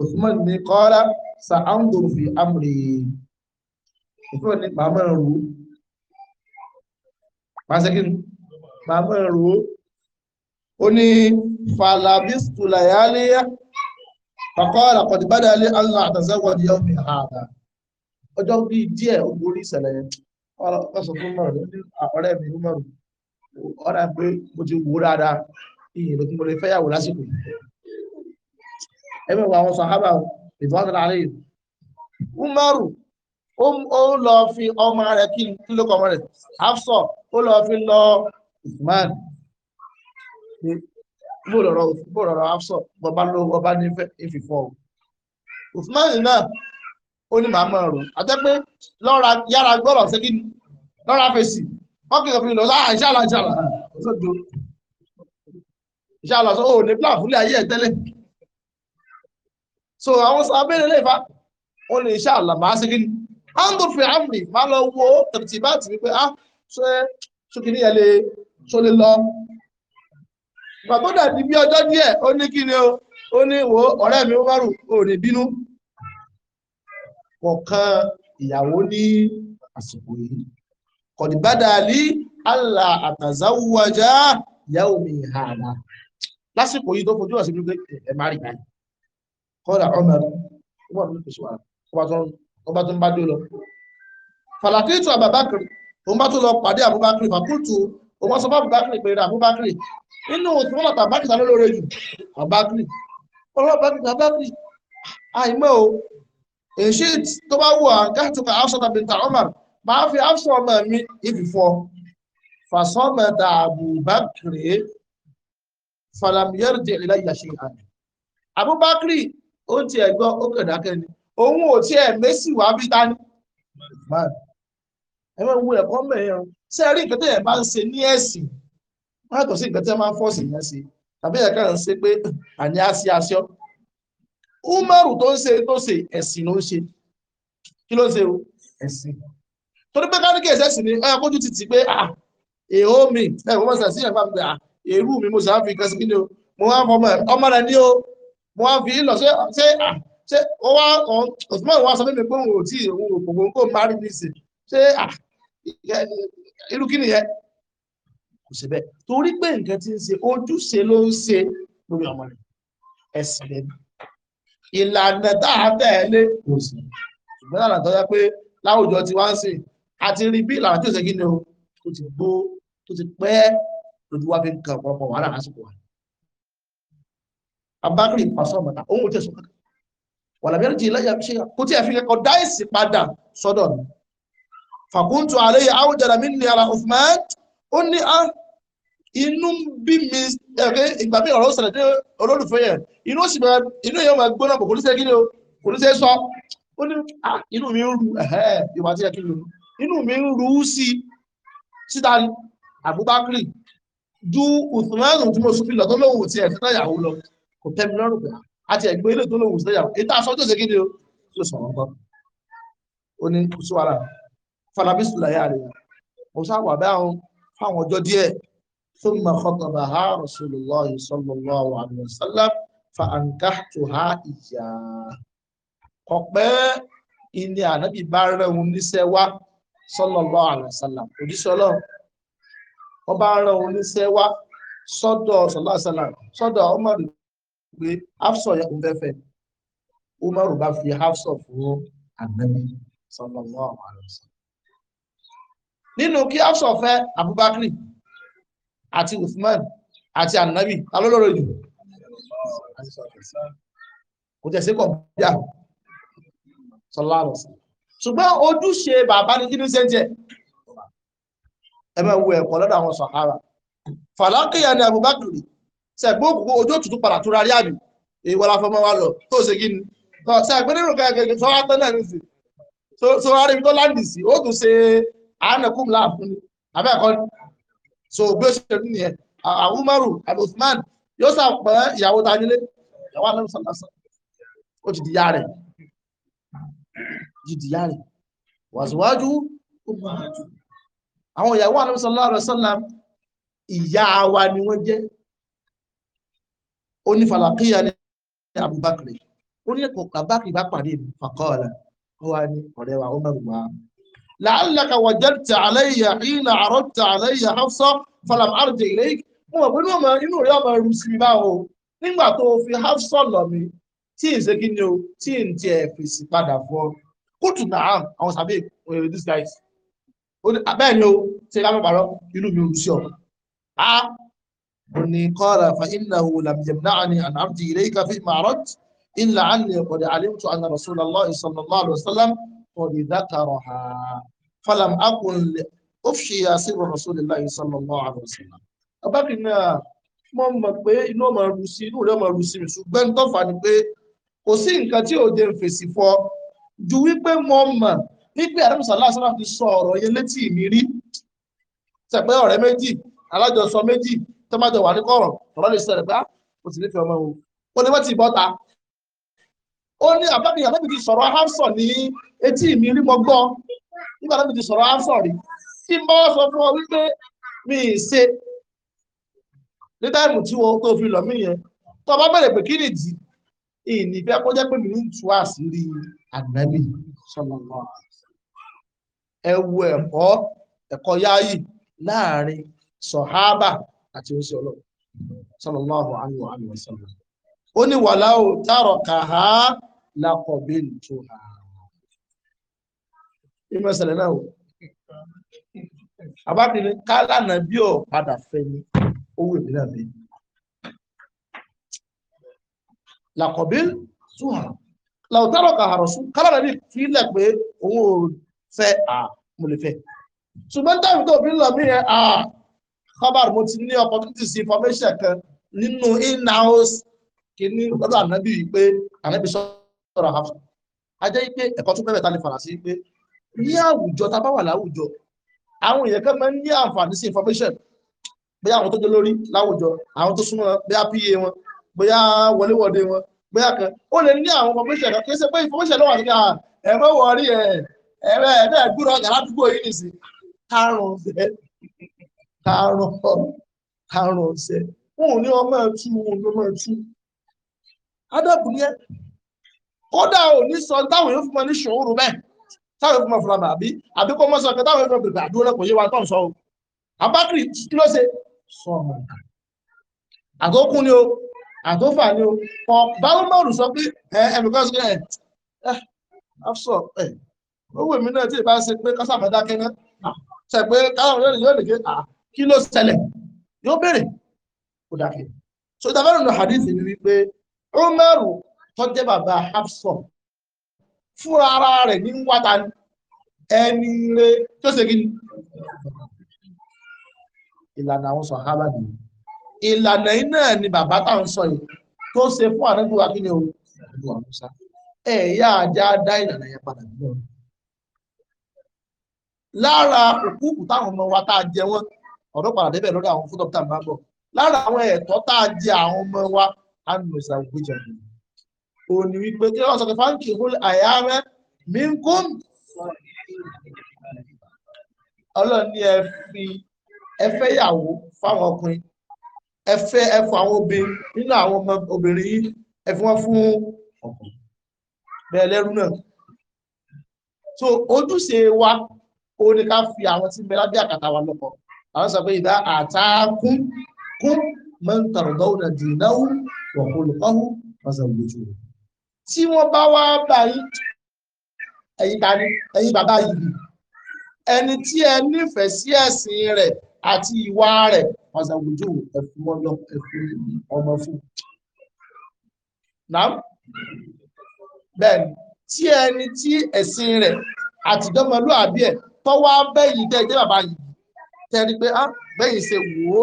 Usman ní kọ́lá sa andur fi amri òfin ní màmá rò ó pàṣẹkì màmá rò ó ó ní falabistu layaliya faqala qad bada li an la atazawwaj yawmi hadha ọjọ́ bíi díẹ̀ ó borí ìṣẹ̀lẹ̀ yẹn ọsọ fún mọ̀rọ̀ ló ní ọ̀rẹ́ mi mọ̀rọ̀ ọ̀rẹ́ pé mo ti wò dáadáa ìyìn ló tún mo lè fẹ́yàwó lásìkò yìí ẹgbẹ́ wo àwọn sàhábà ìfọ́nàdà àlẹ́ yìí umaru ó lọ fi ọmọ rẹ̀ kí n lókọ ọmọ rẹ̀ hafsọ ó lọ fi lọ usman bó lọ̀rọ̀ bó lọ̀rọ̀ hafsọ bọba ló ọba ní ìfìfọ́ o usman náà ó ní màá mọ̀ ọ̀rọ̀ àtẹ́pẹ́ lọ́ra yára gbọ́rọ̀ sí kí lọ́ra fèsì wọ́n kì í fi lọ sáà ìṣàlà ìṣàlà ìṣàlà ó ní pílà fúnlẹ̀ ayé ẹ̀ tẹ́lẹ̀ so àwọn abẹ́rẹ́ lè fa ó lè ṣe àlàmà á sí kí ni andrew fi amri máa lọ wo tẹ̀tì bá ti wípé ah ṣe ṣókè ní ẹlẹ́ ṣó lè lọ bàbá dàbí bí ọjọ́ díẹ̀ ó ní kí ni o ó ní wo ọ̀rẹ́ mi ó márù ó ní bínú kọ̀ọ̀kan ìyàwó ní àsìkò yìí kọ̀dìbádàálí àlà àtàzáwájá ìyàwó mi hàdà lásìkò yìí tó fojú ọ̀sẹ̀ wípé ẹ̀ má kọ́lá ọmọ ọmọ mi kò sí wa ọba tó ń bá dé lọ. fàlàkìtù àbàbákiri òun bá tó lọ pàdé àbúbákiri fàkútù òun sọ fún àbúbákiri pé àbúbákiri nínú òtún wọn bàtà bákìtà ló lóore jù àbákiri ọlọ́wọ́ bákìtà bákìrì àìmọ́ o èṣí tó bá wù àǹká tó ka Hafsa bint Umar máa fi Hafsa ọmọ mi ìfìfọ́ fàṣọ́mọ̀tà àbúbákiri falam yarji ilayya shay'an àbúbákiri ó ti ẹ̀ gbọ́ ó kàn dákẹ́ ni òun ò tiẹ̀ mẹ́sì wá bí tání. ẹ máa wo ẹ̀kọ́ mẹ́rin ṣé ẹ rí nǹkan tẹ́ bá ń ṣe ní ẹ̀sìn wọ́n yàtọ̀ sí nǹkan máa ń fọ́ọ̀sì yẹn ṣe tàbí ẹ̀ kàn ń ṣe pé àní àṣì àṣọ. Umaru tó ń ṣe tó ṣe ẹ̀sìn ló ń ṣe kí ló ń ṣe o ẹ̀sìn torí pé káríkì ẹ̀sẹ̀sìn ni ọ̀yà kójú ti ti pé ah, èho mi ẹ̀ mo mọ̀ sàṣìyàn fún mi pé ah, èrú mi mo sàá fi sí kí ni o mo máa ń fọmọ ọmọ rẹ̀ ní o mo wá fi lọ ṣe ṣe ṣe ó wá Usman wá sọ mímí pé òun ò tí òun ò gbogbo ń parí nísìn ṣe irú kí nìyẹn kò ṣe bẹ́ẹ̀ torí pé nǹkan ti ń ṣe ojúṣe ló ń ṣe lórí ọmọ rẹ̀ ẹ̀sìn lẹ́nu ìlànà tá a tẹ̀lé kò sí ṣùgbọ́n àlà tó yẹ pé láwùjọ tí wá ń sìn àti rí bí ìlànà tí ò ṣe kí ni o tó ti gbó tó ti pẹ́ lójú wá fi ń kan ọ̀pọ̀lọpọ̀ wàhálà lásìkò wa abákìrì pàṣọ́mọ̀ta òun ò tẹ̀sùn kankan wà lábẹ́rẹ́ jì láyà ṣe kó tí ẹ fi kẹ́kọ̀ọ́ dáìsì padà sọ́dọ̀ mi fàkúntù àlẹ́yẹ àwùjára mi ní ara Uthman ó ní á ah, inú bí mi ẹ̀kẹ́ ìgbà mi ọ̀rọ̀ sẹ̀lẹ̀ dé olólùfẹ́ yẹn inú sì máa inú yẹn máa gbóná kò ní sẹ́ kí ni o kò ní sẹ́ sọ ó ní ah, inú mi ń ru ẹ̀hẹ́ ìwà tí ẹ kí ni inú mi ń ru sí síta Abubakar ju Uthman tí mo sọ fi lọ tó lóhùn tí ẹ̀ fi náà lọ kò tẹ́ mi lọ́rùn pé àti ẹ̀gbẹ́ ilé tó lóhùn sílẹ̀ yàwó ètò àṣọ tó ṣe kí ni o tó sọ̀rọ̀ nǹkan ó ní kò sí wàhálà falabi sùlà yà rẹ̀ mo sábà bá àwọn fáwọn ọjọ́ díẹ̀ tó mọ̀ kọ́kọ́ bá ha rasulullah sallallahu alaihi wasallam fa ankahtuha ìyá kọ̀pẹ́ ilé ànábì bá rẹ̀hun níṣẹ́ wá sallallahu alaihi wasallam òjíṣẹ́ ọlọ́run ọba rẹ̀hun níṣẹ́ wá sọ́dọ̀ sallallahu alaihi sọ́dọ̀ ọmọdé pé hafsọ yẹ kó fẹ́ fẹ́ umaru bá fi hafsọ fún anabi sallallahu alaihi wasallam nínú kí hafsọ fẹ́ abubakar àti usman àti anabi alólóró jù kò tẹ̀sí kọ̀ bíà sallallahu alaihi wasallam ṣùgbọ́n ojúṣe bàbá ní kíni sẹ́ńtẹ̀ ẹ máa wo ẹ̀kọ́ lọ́dọ̀ àwọn sàhárà fàlákìyà ni abubakar sẹ̀gbọ́n òkùnkùn ojú òtútù padà tó rárí àbí ìwọ la fọmọ wa lọ tó ṣe kí ni sẹ̀gbọ́n nínú kẹ̀kẹ́ tó wá tẹ́lẹ̀ ní sí so rárí ibi tó láǹdì sí ó tún ṣe àánàkùn láàfún ni abẹ́ẹ̀kọ́ ni so bí ó ṣe rí nìyẹn àwùmọ́rù àbí Usman yóò sàpẹ́ ìyàwó ta nílé ìyàwó alẹ́ sọ̀tàṣọ̀ ó ti di yá àwọn ìyàwó alẹ́ sọ̀tàṣọ̀ ìyá wa ni wọ́n jẹ́ ó ní falakiya ní abubakar ó ní ẹ̀kọ́ abubakar bá pàdé mi fàkọ́ọ̀lá ó wá ní ọ̀rẹ́ wa ó mẹ́rin wá. la'allaka wajadta alayya hina aradta alayya hafsa falam arji ilayk mo mọ̀ pé inú rẹ̀ ọmọ ẹrù sí mi báwo nígbà tó o fi hafsa lọ mi tí n ṣe kí ni o tí n tiẹ̀ fèsì padà fọ́ kóòtù náà àwọn sàbẹ̀ oh, these guys bẹ́ẹ̀ ni o ṣe lábẹ́ inú mi ò sí ọ ah, ni qala fa innahu lam yamna'ni an abdi ilayka fi ma'rad illa anni qad alimtu anna rasulullah sallallahu alaihi wasallam qad dhakaraha falam akun ufshi ya sirru rasulillah sallallahu alaihi wasallam abakin na mo mọ̀ pé inú ọmọ ru inú ọmọ ru mi ṣùgbọ́n tó ni pé kò sí nǹkan tí ò jẹ́ ń fèsì fọ ju wípé mo mọ̀ wípé àdàmù sàlá sàlá sọ ọ̀rọ̀ yẹn létí mi rí tẹ̀pẹ́ ọ̀rẹ́ méjì alájọsọ méjì tó máa jọ wà ní kọ̀rọ̀ ọ̀rọ̀ lè sọ̀rọ̀ pé ó ah, sì nífẹ̀ẹ́ ọmọ òun ó ní wọ́n ti bọ́ta ó ní àbábí àbábí ti sọ̀rọ̀ hamsọ̀ ní etí mi rí mọ́ gbọ́ nígbà tó ti sọ̀rọ̀ hamsọ̀ rí tí mo sọ fún ọ wípé mi ì ṣe ní táìmù tí wọn tó fi lọ mí yẹn tó bá bẹ̀rẹ̀ pé kí ni dì í nífẹ̀ẹ́ kó jẹ́ pé mi ń tu àṣírí ànábì ẹ̀kọ́ ẹ̀kọ́ yáyì láàrin sọ̀hábà àti oṣù ọlọ́run sallallahu alaihi wa sallam ó ní wàláwò tààrọ̀ kàá lákọ̀ọ́bí tó hà ìmọ̀ ìṣẹ̀lẹ̀ náà o àbábìnrin kálánà bí ò padà fẹ́ ni owó ìbílẹ̀ mi làkọ̀bí tó hà làwùtárọ̀ kàhàrọ̀ sún kálánà bí fílẹ̀ pé òun ò fẹ́ à mo lè fẹ́ ṣùgbọ́n táwọn tó fi ń lọ mí yẹn à kọ́bà mo ti ní opportunities information kan nínú in-house kìíní lọ́dọ̀ ànábì yìí pé ànábì sọ̀rọ̀ àhàfà ajẹ́ pé ẹ̀kọ́ tó mẹ́rẹ̀ẹ́ta lè fara sí pé ní àwùjọ tá a bá wà láwùjọ àwọn èèyàn kan máa ń ní àǹfààní sí information bóyá àwọn tó jẹ́ lórí láwùjọ àwọn tó súnmọ́ bóyá pa wọn bóyá wọléwọ̀de wọn bóyá kan ó lè ní àwọn information kan kì í ṣe pé information lọ́wọ́ àti káà ẹ mọ́ wọrí ẹ ẹ̀rẹ́ ẹ̀dẹ́ gbúrọ̀ yàrá àdúgbò yìí nìsí karùn-ún àrùn àrùn ọ̀sẹ̀ wọn ò ní ọmọ ẹtú wọn ò ní ọmọ ẹtú adẹ́kùn yẹn kódà ò ní sọ táwọn yóò fún mọ ní ṣòro bẹ́ẹ̀ táwọn yóò fún mọ fúnra mọ àbí àbí kó mọ sọ pé táwọn yóò fún mọ bèbè àdúró lẹ́kọ̀ọ́ yé wa tó ń sọ o abákìrì kí ló ṣe sọ ọmọ ìgbà àtòkùn ni o àtòfà ni o kọ bálọ́mọ̀rù sọ pé ẹ ẹnìkan sọ ẹ ẹ afsọ ẹ owó èmi náà tí ì bá ṣe pé kásámọ́dákẹ́ náà ah, ṣe pé káwọn yóò lè gé àá kí ló ṣẹlẹ̀ yóò bèèrè kò dákẹ́ so ìtàfẹ́rùn ní hadithi ni wípé Umaru tó jẹ́ bàbá Hafsa fúnra ara rẹ̀ ní wáta ẹni rẹ̀ tó ṣe gíní ìlànà àwọn sàhábà ni ìlànà iná ni bàbá táwọn sọ yìí tó ṣe fún àrẹ́gbẹ̀wá kí ni o ẹ̀yà ajá dá ìlànà yẹn padà nínú lára òkúkú táwọn ọmọ wa tá a jẹ wọn ọ̀dọ́ padà débẹ̀ lórí àwọn fúdọ̀ tá a máa bọ̀ lára àwọn ẹ̀tọ́ tá a jẹ àwọn ọmọ wa á nù ìsàwùgbéjà ni ò ní wípé kí wọ́n sọ pé fáńkì hul àyàmẹ́ mi ń kún ọlọ́ọ̀ni ẹ fi ẹ fẹ́ yàwó fáwọn ọkùnrin ẹ fẹ́ àwọn obìnrin nínú àwọn ọmọ obìnrin yìí ẹ fi fún bẹ́ẹ̀ lẹ́rú náà so ojúṣe wa ó ní ká fi àwọn tí ń bẹ àkàtà wa lọ́kọ̀ọ́ àwọn sọ pé ìdá àtàkùn kún mọ́ntàrúdọ́wọ́nà dìnáwó wọ̀kọ́lùkọ́hù fọ́sẹ̀lójú tí wọ́n bá wá báyìí ẹ̀yin tani ẹ̀yin bàbá yìí ẹni tí ẹ nífẹ̀ẹ́ sí ẹ̀sìn rẹ̀ àti ìwà rẹ̀ fọ́sẹ̀lójú ẹ̀fún ọlọ ẹ̀fún ọmọ fún náà bẹ́ẹ̀ni tí ẹni tí ẹ̀sìn rẹ̀ àtìdọ́mọlúàbí ẹ̀ tọ́wọ́ abẹ́yìí dẹ́ jẹ́ bàbá yìí tẹ́rí pé á ah, bẹ́yìn ṣe wò ó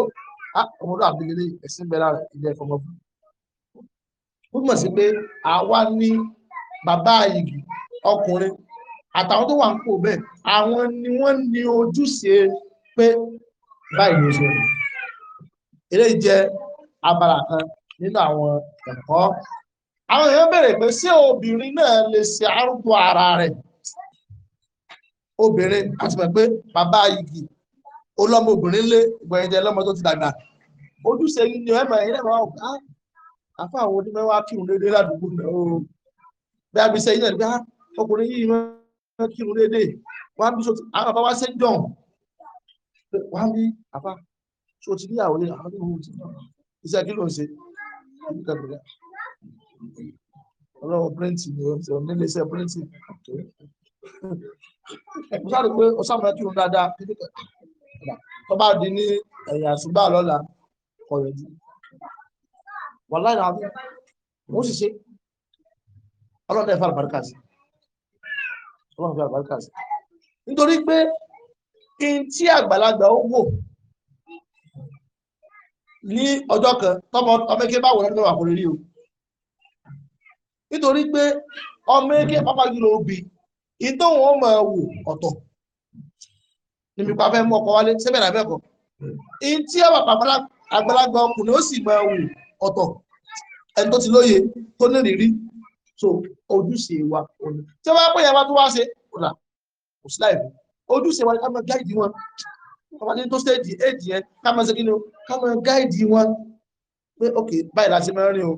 á ah, ọmọdé àbílẹ̀ ẹ̀sìn bẹ̀rẹ̀ ilé ẹ̀kọ́ ọmọdé. ó mọ̀ sí pé àwa ní bàbá igi ọkùnrin àtàwọn tó wà ń kó bẹ́ẹ̀ àwọn ni wọ́n ní ojúṣe pé báyìí ló ṣe rẹ̀. eléyìí jẹ́ abala kan nínú àwọn ẹ̀kọ́. àwọn èèyàn béèrè pé ṣé obìnrin náà lè ṣe arúgbó ara rẹ̀ obìnrin àti mọ̀ bàbá igi olọ́mọ obìnrin lé ìgbẹ̀yìndẹ̀ lọ́mọ tó ti dàgbà ojúṣe yìí ni ẹ̀mọ̀ ẹ̀yìn ẹ̀mọ̀ ọ̀gá àfa àwọn onímọ̀ wá kírun déédéé ládùúgbò náà o bí abisẹ yìí náà gbá ah, ọkùnrin yìí wọ́n kírun ah, déédéé wọ́n bí sọ́tì àwọn bàbá wá sí jọ̀n wọ́n bí àfa sọ́tì ní àwọn ilé àwọn ìlú ti iṣẹ́ kí ló ń ṣe ọlọ́wọ́ pírẹ́ǹtì ni ọ̀sẹ̀ níléeṣẹ́ pírẹ́ǹtì ọ̀sán àti kírun dáadáa tó bá di ní ẹ̀yìn eh, àṣùgbà lọ́la ọ̀rẹ́ jù wọ́n láì náà wọ́n sì ṣe ọlọ́dẹ fà àbáríkà sí ọlọ́dẹ fà àbáríkà sí nítorí pé kí n tí àgbàlagbà ó wò ní ọjọ́ kan tọmọ ọmọ eke bá wò lọ́dún mẹ́wàá kò lè rí o nítorí pé ọmọ eke pápá jùlọ obì ìtòhùn ọmọ ẹ̀wò ọ̀tọ̀ níbi pa fẹ́ mú ọkọ̀ wálé sẹ́bẹ̀rẹ̀ abẹ́kọ̀ in tí ọba àgbàlagbà ọkùnrin ó sì máa wù ọ̀tọ̀ ẹni tó ti lóye tó nírìírí so ojúṣe wa òní tí wọ́n pè yẹn wá tó wá ṣe ọ̀là kò sí láìpẹ́ ojúṣe wa ni ká máa gáìdì wọn ọba ní tó stéèjì éèjì yẹn ká máa ṣe kí ni o ká máa gáìdì wọn pé ok báyìí láti máa rìn o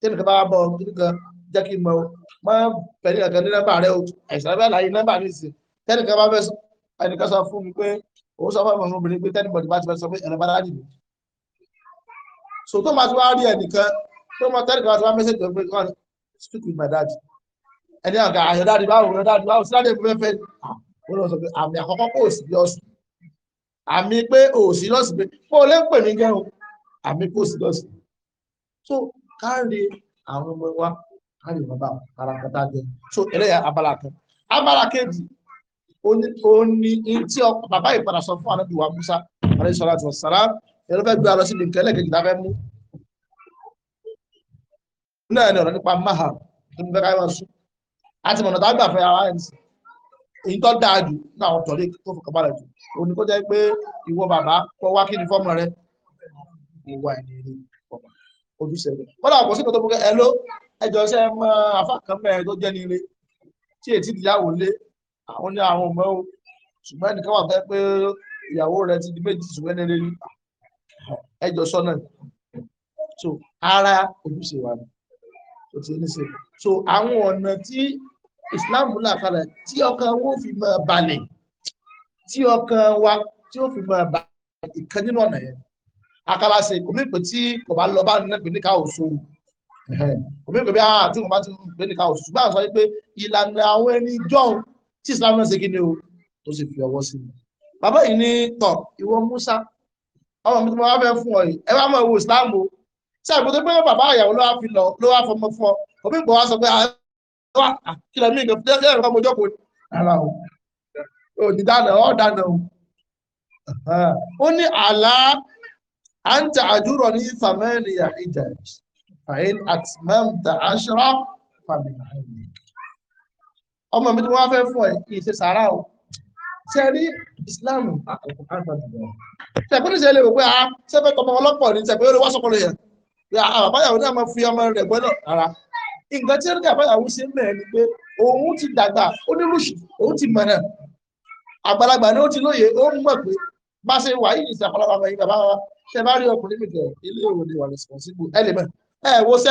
tẹ́lẹ̀ kan bá bọ̀ kí nìkan jẹ́ kí n mọ̀ o máa bẹ̀rẹ̀ ẹnìkan sọ fún mi pé òun sọ fún àwọn obìnrin pé tẹ́nìbọ̀dì bá ti fẹ́ sọ pé ẹ̀rọ bá dìbò so tó máa ti wá rí ẹnìkan tó máa tẹ́nìkan wá ti wá mẹ́sẹ̀jì pé kọ́ni speak with my dad ẹni àgbà àyọ̀ dáàdì báwo àyọ̀ dáàdì báwo sílẹ̀ èmi fẹ́ wọ́n lọ sọ pé àmì àkọ́kọ́ kò sí bí ọ̀sùn àmì pé ò sí lọ́sì pé kó lè pè mí gẹ́rùn àmì kò sí lọ́sì so káàrí àwọn ọmọ wa káàrí wọn bá wọn kára kọta jẹ so eléyà abala kan abala kejì òní tí bàbá ìpadà sọ fún anábì wa Musa alayhi salatu wassalam ẹ̀rọ fẹ́ gbé alọ síbi nkẹ́lẹ́ kejì láfẹ́ mú náà ni ọ̀rọ̀ nípa maha tó ń fẹ́ káyọ̀ sùn àti mọ̀nà tá a gbà fẹ́ ara ẹ̀ sí èyí tó dáa jù ní àwọn tọ̀lé tó fọkàn balẹ̀ jù òní kó jẹ́ pé ìwọ bàbá kọ́ wá kí ni fọ́ọ̀mù rẹ ìwà ẹni rí ojúṣe rẹ kọ́dà kò sí tó mú kẹ́ ẹ ló ẹjọ́ sẹ́ mọ́ afákànmẹ́ àwọn ní àwọn ọmọ o ṣùgbọ́n ẹnìkan wà fẹ́ pé ìyàwó rẹ ti di méjì ṣùgbọ́n ẹni rí ẹjọ sọ́nà so ara ojúṣe wa ni o ti ní ṣe so àwọn ọ̀nà tí Islam là kalẹ̀ tí ọkàn wo fi máa balẹ̀ tí ọkàn wa tí ó fi máa balẹ̀ ìkan nínú ọ̀nà yẹn akala ṣe kò mí pé tí kò bá lọ bá nílẹ̀ pé ní ká kò mí pé bí a àti kò bá ti pè ní ká ṣùgbọ́n àwọn sọ pé ìlànà àwọn ẹni jọ̀ọ́ tí islam náà ṣe kí ni o tó sì fi ọwọ́ sí i bàbá yìí ní tọ̀ ìwọ musa ọmọ mi tó máa fẹ́ fún ọ yìí ẹ wá mọ ìwò islam o ṣé àgbẹ̀tẹ̀ pé bàbá àyàwó ló wá fi lọ ló wá fọmọ fún ọ òbí ìgbọ̀ wá sọ pé ah, àwọn kílẹ̀ mí ìgbẹ̀ fúnjẹ́ ẹ̀rọ ọmọ ojókòó ni ara o ò ní dáná ọ́ dáná o ó ní àlá à ń ta àdúrà ní fàmẹ́ẹ̀nì ìjà àyìn àti mẹ́ǹtà àṣírà fàmìlà àyìn ọmọ mi tí wọ́n fẹ́ fún ẹ̀ kì o ṣe rí Islam ṣẹ̀kúrú ṣe lè wò pé a ah, ṣẹ́fẹ́ tọmọ ọlọ́pọ̀ ní ṣẹ̀pẹ́ olówó sọ́kọlẹ̀ yẹn ah, àbáyàwó náà máa fi ọmọ rẹ̀ gbọ́dọ̀ rárá nǹkan tí ẹ̀rọ̀dẹ̀ àbáyàwó ṣe ń bẹ̀rẹ̀ ni pé òun ti dàgbà ó ní lùṣù òun ti mọ̀nà àgbàlagbà ni ó ti lóye ó ń mọ̀ pé bá ṣe wà yìí ìṣe àpọ̀lọpọ̀ àmọ̀ yìí bàbá wa ṣe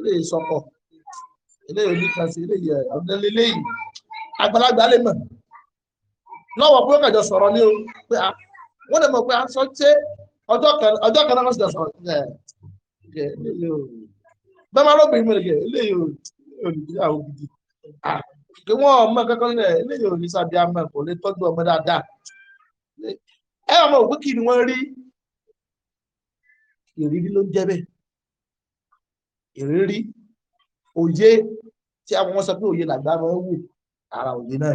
eléyìí sọkọ eléyìí oníkansi eléyìí ọdún eléyìí àgbàlagbà lè mọ lọ́wọ́ pé ó kàjọ sọ̀rọ̀ ní o pé a wọ́n lè mọ̀ pé a sọ ṣé ọjọ́ kan ọjọ́ kan náà wọ́n sì jọ sọ̀rọ̀ ẹ̀ ẹ̀ eléyìí o bẹ́ẹ̀ máa lóbìnrin mi lè eléyìí o olùdíyàwó gidi a kí wọ́n ọmọ kankan nílẹ̀ eléyìí o ní sábẹ́ amọ̀ kò lè tọ́jú ọmọ dáadáa ẹ ọmọ òkú kì ni wọ́n rí ìrírí ló ń jẹ́ bẹ́ẹ̀ ìrírí òye tí a wọn sọ pé òye làgbà máa ń wù ara òye náà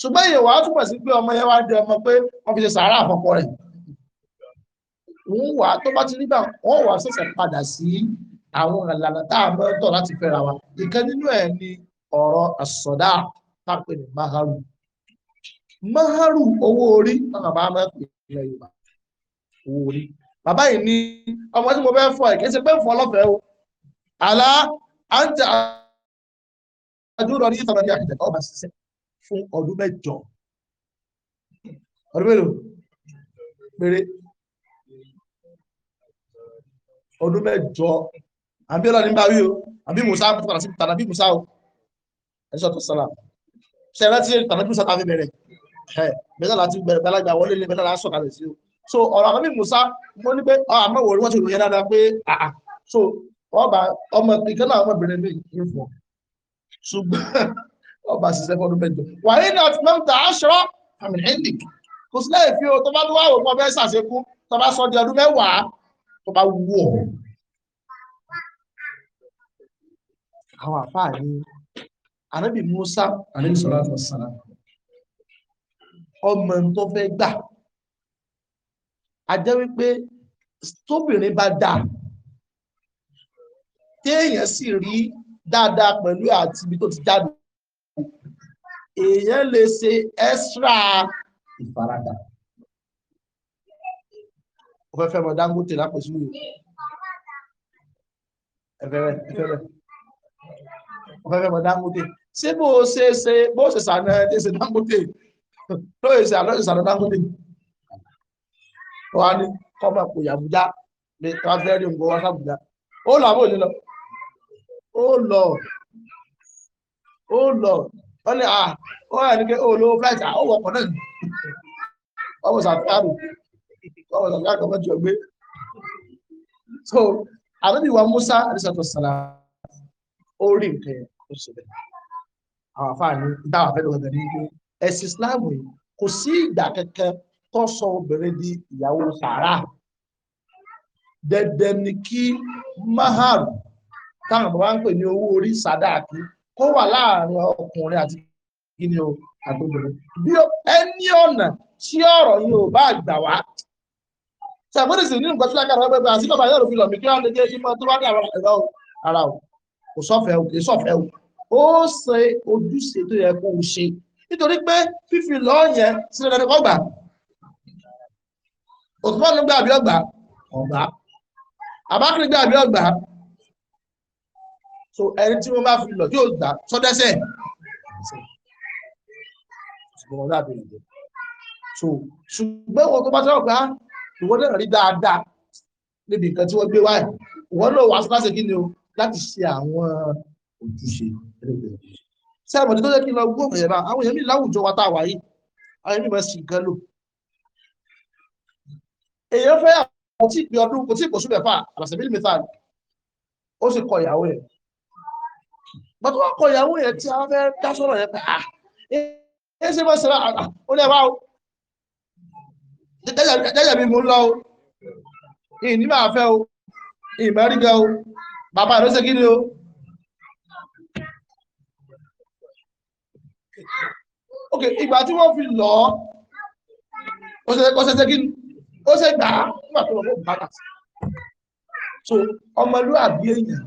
ṣùgbọ́n èèyàn wàá túmọ̀ sí pé ọmọ yẹn wá di ọmọ pé wọ́n fi ṣe sàárà àkọ́kọ́ rẹ̀ ń wà tó bá ti rí bá wọn wà ṣẹ̀ṣẹ̀ padà sí àwọn ìlànà tá a máa ń tọ̀ láti fẹ́ra wa ìkan nínú ẹ̀ ni ọ̀rọ̀ àsọ̀dá tápẹ́ ní maharu maharu owó orí táwọn bá máa ń pè ní ilẹ̀ Yorùbá owó orí bàbá yìí ní ọmọ tí mo fẹ́ fọ ẹ̀ kì í ṣe pé ń fọ ọlọ́fẹ̀ẹ́ o àlá àǹtà àdúrà ní ìtàbàdí àkìtẹ̀ ọba ṣiṣẹ́ fún ọdún mẹ́jọ ọdún mélòó péré ọdún mẹ́jọ àbí ọlọ́ni bá rí o àbí musa padà sí tàbí musa o ẹ̀ṣọ́ tó sọ́la ṣe láti tàbí musa tàbí bẹ̀rẹ̀ ẹ̀ mẹ́ta láti bẹ̀rẹ̀ bẹ́lágbà wọlé lé mẹ́ta láti sọ̀kalẹ̀ sí o so ọ̀rọ̀ àbí musa mo ní pé ah, àmọ́ wọ́n bá ọmọ ìkan náà ọmọbìnrin mi kì í fọ ṣùgbọ́n wọ́n bá ṣiṣẹ́ fọdún mẹ́jọ wàyí náà ti mẹ́ta aṣọ àmì hendik kò sí lẹ́yìn fi o tó bá wà wò pọ̀ bẹ́ẹ̀ ṣàṣekún tó bá sọ di ọdún mẹ́wàá tó bá wù ọ́. àwọn àfáà ní arábì Musa alayhi salatu wassalam ọmọ tó fẹ́ gbà a jẹ́ wípé tóbìnrin bá dáa téèyàn sì rí dáadáa pẹ̀lú àti ibi tó ti jáde èèyàn lè ṣe extra ìfaradà ó fẹ́ fẹ́ mọ Dangote lápẹ̀sí wúwo ẹ̀fẹ̀rẹ̀ ẹ̀fẹ̀rẹ̀ ó fẹ́ fẹ́ mọ Dangote ṣé bó ṣe ṣe bó ṣe ṣàna ẹ̀ ṣe Dangote lóye ṣe àlọ́ ṣe ṣàna Dangote wọ́n á ní kọ́mọ̀ kò yàgùjá ní wọ́n fẹ́ rí nǹkan wọ́n ṣàbùjá ó làwọn ò ní lọ oh lord oh lord wọ́n ní à ah, ó wà ní pé ó oh, lówó flight à ah, ó wọkọ̀ náà ọmọ sàtàrù ọmọ sàtàrù ọmọ jù ọgbẹ́ so àbẹ́bí wa musa àdìsàtọ̀ sàlá ó rí nǹkan yẹn kó ṣe bẹ́ẹ̀ àwọn afáàní dáwà fẹ́ lọ́wọ́ bẹ̀rẹ̀ ní ẹ̀sìn islam yìí kò sí ìgbà kankan tó sọ obìnrin di ìyàwó sàrà dandan ni kí mahar táwọn bàbá ń pè ní owó orí sàdáàkì kó wà láàrin ọkùnrin àti kíni o àgbègbè bí ẹni ọ̀nà tí ọ̀rọ̀ yìí ò bá gbà wá sàgbọ́dọ̀ sì nínú nǹkan tí lágbára wọn pẹ́pẹ́ àti bàbá yóò fi lọ mí kí wọ́n lè jẹ́ ìmọ̀ tó bá dé àwọn ẹ̀rọ ara o kò sọ́fẹ̀ o kò sọ́fẹ̀ o ó ṣe ojúṣe tó yẹ kó o ṣe nítorí pé fífi lọ́ọ̀ yẹn sí ẹni kọ́ gbà òtún bá nígbà àbí ọgbà ọgbà àbákùnrin gbà àbí ọgbà so ẹni tí wọ́n bá fi lọ yóò gbà sọ́dẹ́sẹ̀ ṣùgbọ́n wọn dàbí ìdè so ṣùgbọ́n wọn tó bá sọ̀rọ̀ pé ah, ìwọ náà rí dáadáa níbi nǹkan tí wọ́n gbé wáyé ìwọ náà wà láti kí ni o láti ṣe àwọn ojúṣe ẹlẹ́gbẹ̀ẹ́ sẹ́wọ̀n tí tó yẹ kí n lọ gbọ́ ọ̀yẹ̀ bá àwọn èèyàn mi láwùjọ wa tá a wà yìí àwọn èèyàn mi máa sì gan lò èèyàn fẹ́ àwọn tí ìpè ọdún kò tí ì pòṣù mẹ́fà àlàsẹ̀bí mẹ́ta ó sì kọ ìyàwó ẹ̀ bàtọ́ ọkọ̀ ìyàwó yẹn tí a fẹ́ dá sọ̀rọ̀ yẹn pé ah ẹ ṣe bọ́ sí ra ó lẹ́ wá o jẹ́jẹ́ mi mú lọ o ìní máa fẹ́ o ìmọ̀ rí gan o bàbá rẹ̀ ṣe kí ni o. ok ìgbà tí wọ́n fi lọ ó ṣe ṣe kí ni ó ṣe gbà á nígbà tó lọ bó bàtà so ọmọlúwàbí èèyàn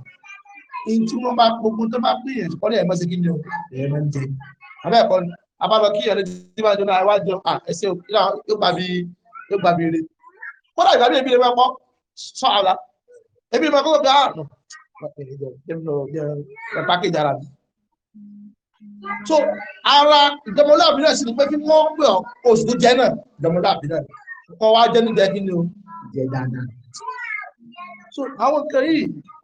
in tí wọ́n bá gbogbo tó bá pè yẹn kọ́lé ẹ̀mọ́ sí kí ni o ẹ̀mọ́ ń jẹ abẹ́ ẹ̀kọ́ ni abálọ kí ẹ̀rẹ́ tí wọ́n jọna ẹwà jọ ẹsẹ̀ yóò gbà bí yóò gbà bí eré kódà ìgbà bí ebi rẹ̀ wọ́n pọ̀ sọ àlá ebi rẹ̀ kókò bí àrùn ẹ̀ pákéjì ara mi. so ara ìjọmọláàbí náà sì ni pé kí wọ́n pè ọ́ oṣù tó jẹ́ náà ìjọmọláàbí náà kọ́ wá so àwọn kan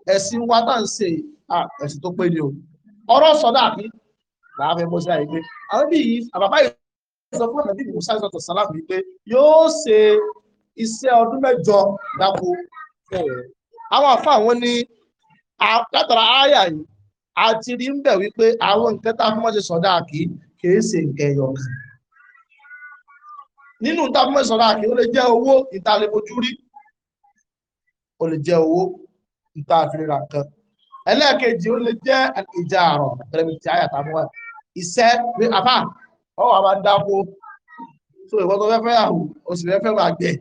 Esi wa tá à esi ṣe pe tó pé ni o ọrọ sọ dàbí láàbẹ̀ mọ́sá yìí pé àwọn bí àbàbá yìí sọ fún àbí mọ́sá yìí sọ̀tọ̀ sálàmù yìí pé yóò ṣe iṣẹ́ ọdún mẹ́jọ dáko àwọn ní látara àyà yìí àti rí ń wípé àwọn nǹkan tá a fún mọ́ṣe sọ̀dá kì ṣe nǹkan kan nínú tá a fún mọ́ṣe sọ̀dá ìta àfihàn kan ẹlẹ́ẹ̀kejì ó lè jẹ́ ìjà àrọ̀ pẹ̀lú ti àyàtà mọ́ iṣẹ́ pé àfà ọwọ́ àbá ń dáko so ìwọ́n tó fẹ́ fẹ́ àwò oṣù fẹ́ fẹ́ máa gbẹ̀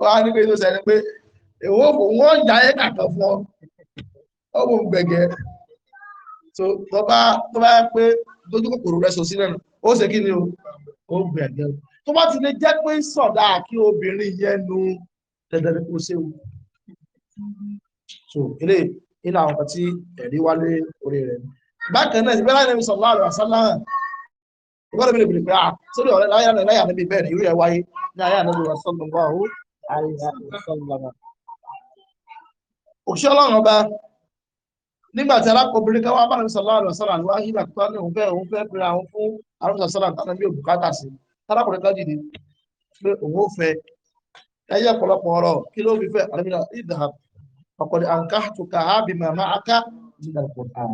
wọ́n á ní pé tó sẹ́ni pé èwo kò wọ́n ya ẹ́ kàkọ́ fún ọ ọmọ gbẹ̀gẹ́ so tó bá tó bá pé lójú kòkòrò rẹ sọ sílẹ̀ ó ṣe kí ni o ó gbẹ̀gẹ́ tó bá ti lè jẹ́ pé sọ̀dá kí obìnrin yẹn nu dandan ní kó séwu so ilé ilé àwọn kan tí ẹ̀rí wá lé orí rẹ̀ bákan náà ìgbéra ẹni sọ̀rọ̀ àrùn àsálà ìgbọ́dọ̀ bèrè bèrè pé à sórí ọ̀rẹ́ láyà náà láyà níbi bẹ́ẹ̀ ni irú ẹ̀ wáyé ní àyà náà lórí ọ̀sán lọ́wọ́ àwọn àyà ọ̀sán lọ́wọ́. òṣìṣẹ́ ọlọ́run ọba nígbà tí arákùnrin kan wá bá nàbí sọ̀rọ̀ àrùn àsálà ni wá ní òun fẹ́ òun fẹ́ pèrè àwọn fún àrùn àsálà tánà bí òbúkátà sí arákùnrin kan dìde pé òun ò fẹ́ ẹyẹ ọ̀pọ̀lọpọ̀ ọ̀rọ̀ kí ló fi fẹ́ àlẹ́mìnà ìdáhàb ọ̀pọ̀lọpọ̀ àǹká tó ká á bí màmá aká nínú Al-Qur'an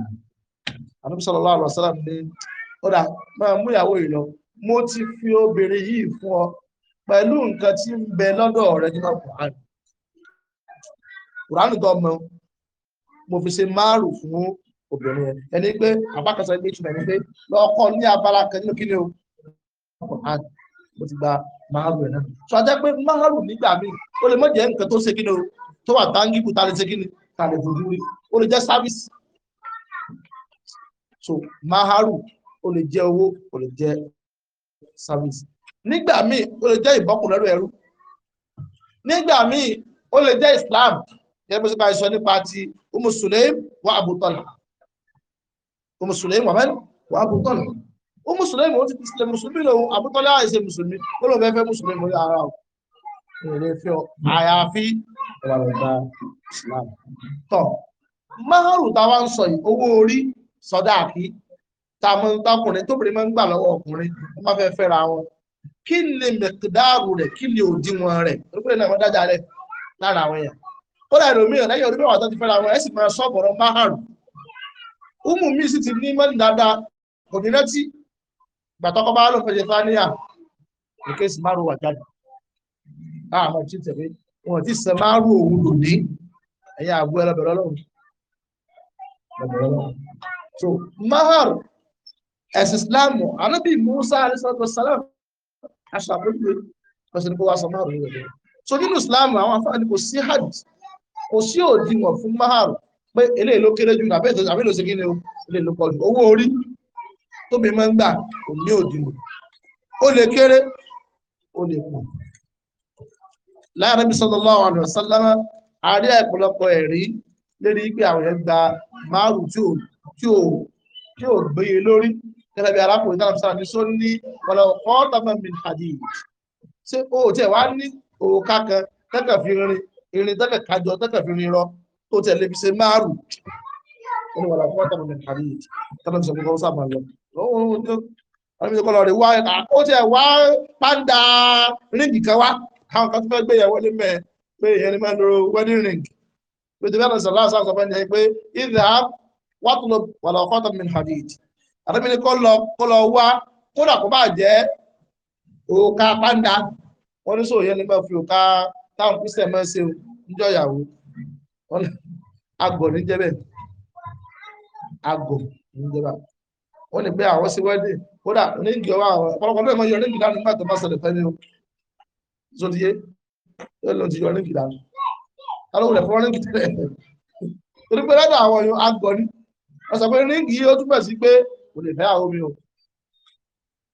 Ànábì sallallahu alaihi wasallam ní ọ̀dà máa mú ìyàwó yìí lọ mo ti fi obìnrin yìí fún ọ pẹ̀lú nǹkan tí ń bẹ lọ́dọ̀ rẹ nínú Al-Qur'an Qur'an tó mọ mo fi ṣe márùn fún obìnrin yẹn ẹni pé àbákasọ ẹgbẹ́ ìtumọ̀ ẹni pé lọ́kọ́ ní abala kan ni o Qur'an mo ti gba máàrù ẹ̀ náà so a jẹ́ pé máàrù nígbà míì ó lè mọ̀ jẹ́ nǹkan tó ṣe kí ni o tó wà tangible ta lè ṣe kí ni ta lè fojú rí ó lè jẹ́ service so máàrù ó lè jẹ́ owó ó lè jẹ́ service nígbà míì ó lè jẹ́ ìbọ́kùnlẹ́rù ẹrú nígbà míì ó lè jẹ́ Islam yẹ́n bí wọ́n sọ nípa ti Umu Sulaim wa Abu Talha Umu Sulaim wa wa Abu Talha ó mùsùlùmí ó ti tilẹ̀ mùsùlùmí lòun àbútọ́lá àìsè mùsùlùmí ó lọ fẹ́ fẹ́ mùsùlùmí lórí ara o èrè fi ọ àyàfi ìwàlọ́gbà Islam tọ márùn táwa ń sọ yìí owó orí sọdá àkí tàmọ́ tọkùnrin tóbìnrin máa ń gbà lọ́wọ́ ọkùnrin wọ́n máa fẹ́ fẹ́ra wọn kí ni mẹ̀kídáàrù rẹ̀ kí ni òdiwọ̀n rẹ̀ olùkọ́ ìlànà dájà rẹ̀ lára àwọn èèyàn ó dà ìlú mìíràn lẹ́yìn ọdún mẹ́wàá tó ti fẹ́ra wọn ẹ̀ sì máa sọ́ọ̀bọ̀rọ̀ márùn-ún umu mi sì ti ní mọ́ni dáadáa kò ní rántí gbàtọ́kọ́ bá lò fẹ́jẹ̀ fáníà ní kéèsì márùn wà jáde láàmọ́ tí tẹ̀lé wọn ti sẹ márùn òun lò ní ẹ̀yà àgbó ẹlẹ́bẹ̀rẹ̀ ọlọ́run so mahar ẹ̀sìn Islam anábì Musa alisalaatu salam aṣọ pẹ̀sẹ̀ ní kó sọ mahar rẹ̀ rẹ̀ so nínú Islam àwọn afáàní kò sí hajj kò sí òdiwọ̀n fún mahar pé eléyìí ló kéré jù àbẹ́lẹ̀ ló ṣe kí ni o eléyìí ló pọ̀ jù owó orí tóbi máa ń gbà kò ní òdiwọ̀n ó lè kéré ó lè pọ̀ láàrin sallallahu alaihi wasallam àárẹ̀ ọ̀pọ̀lọpọ̀ ẹ̀rí lérí pé àwọn èèyàn gba márùn tí ò tí ò tí ò gbéye lórí gẹ́gẹ́ bí arákùnrin tàbí sára ní só ní ọ̀nà ọ̀pọ̀ tàbí min hadid ṣé o ò tiẹ̀ wá ní òòka kan tẹ́kẹ̀ fi rin irin tẹ́kẹ̀ kájọ tẹ́kẹ̀ fi rin rọ tó tẹ̀lé fi ṣe márùn ó ní ọ̀nà ọ̀pọ̀ tàbí min hadid tàbí sọ̀rọ̀ sábà lọ. òun tó àbíkọ́ lọ rẹ̀ wá ó tiẹ̀ wá pàǹdà ríǹgì kan wá àwọn kan tó fẹ́ gbéyàwó ní mẹ́ pé ìyẹn ni wedding ring pé tí bẹ́ẹ̀ sọ̀rọ̀ láti sọ̀rọ̀ ní pé ìdá wàtúlò wàlọ̀ ọ̀kọ́tọ̀ min hadid àtàbí ni kó lọ kó lọ wá kódà kó bá jẹ́ òkà pàǹdà ní nígbà fi òkà táwọn kristian ṣe ìyàwó níjẹ́ bẹ́ẹ̀ níjẹ́ bẹ́ẹ̀. ó ní pé àwọn sí wẹ́dì kódà oníǹkì ọwọ́ àwọn ọ̀pọ̀lọpọ̀ bẹ́ẹ̀ mọ yọ oníǹkì dànù nígbà tó bá ṣẹlẹ̀ fẹ́ ni o zodiye yóò lọ ti yọ oníǹkì dànù alóhùn rẹ̀ fún oníǹkì tẹ̀lẹ̀ torí pé lọ́dọ̀ àwọn yòó agbọ̀n ni wọ́n sọ pé oníǹkì yìí túbọ̀ sí pé kò lè fẹ́ àwọn omi o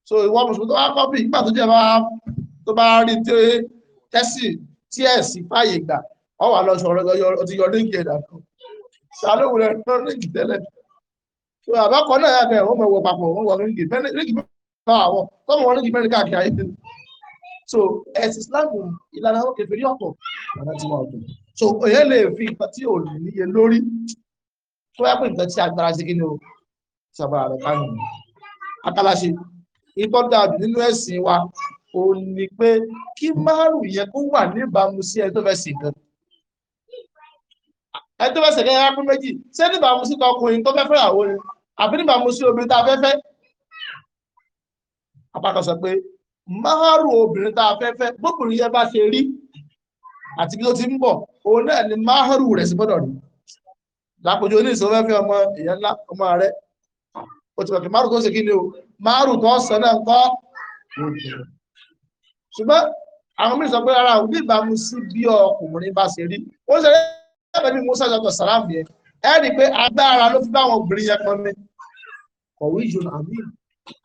so ìwọ mùsùlùmí tó bá kọ́ bí ìgbà tó jẹ́ bá tó bá rí tẹ́sì tí ẹ̀ sì fàyè gbà ọ wà lọ sọ̀rọ̀ ọ ti yọ oníǹkì dànù sàlóhùn rẹ̀ fún oníǹkì tẹ́lẹ̀ so àbákọ náà yàgbẹ́ wọ́n mọ̀ wọ papọ̀ wọ́n wọ rígì rígì bá àwọn tọ́mọ̀ wọn rígì mẹ́rin káàkiri ayé tẹ́lẹ̀ so ẹ̀sìn Islam ìlànà àwọn kẹfẹ́ rí ọ̀tọ̀ ìlànà tí wọ́n ọ̀tọ̀ so èyẹ lè fi nǹkan tí ò níye lórí tó yẹ pé nǹkan tí agbára sí kíni o ṣàbàrà rẹ̀ káyọ̀ akálàṣe ìtọ́jà nínú ẹ̀sìn wa òun ni pé kí márùn yẹ kó wà níbàámu sí ẹ tó fẹ́ sìn gan ẹni tó fẹsẹ̀ kẹ́kẹ́ pín méjì ṣé nígbà mo sí ọkùnrin tó fẹ́ fẹ́ ni àbí nígbà mo sí obìnrin tá a fẹ́ fẹ́ apákan sọ pé máàrù obìnrin tá a fẹ́ fẹ́ bóbìnrin yẹn bá ṣe rí àti bí ó ti ń bọ̀ òun náà ni máàrù rẹ̀ sí gbọ́dọ̀ rí lápòjọ ní ìṣòro fẹ́ ọmọ ìyá ńlá ọmọ rẹ̀ o ti pàtàkì máàrù tó ṣe kí ni o máàrù tó sọ náà ń kọ́ ṣùgbọ́n àwọn mìíràn sọ pé rárá òun bí ìbámu sí bí ànábì Musa lọ́tọ̀ sàrám yẹn ẹ rí i pé agbára ló fi bá àwọn obìnrin yẹn pọn mi kọ̀wé ìjọba àmì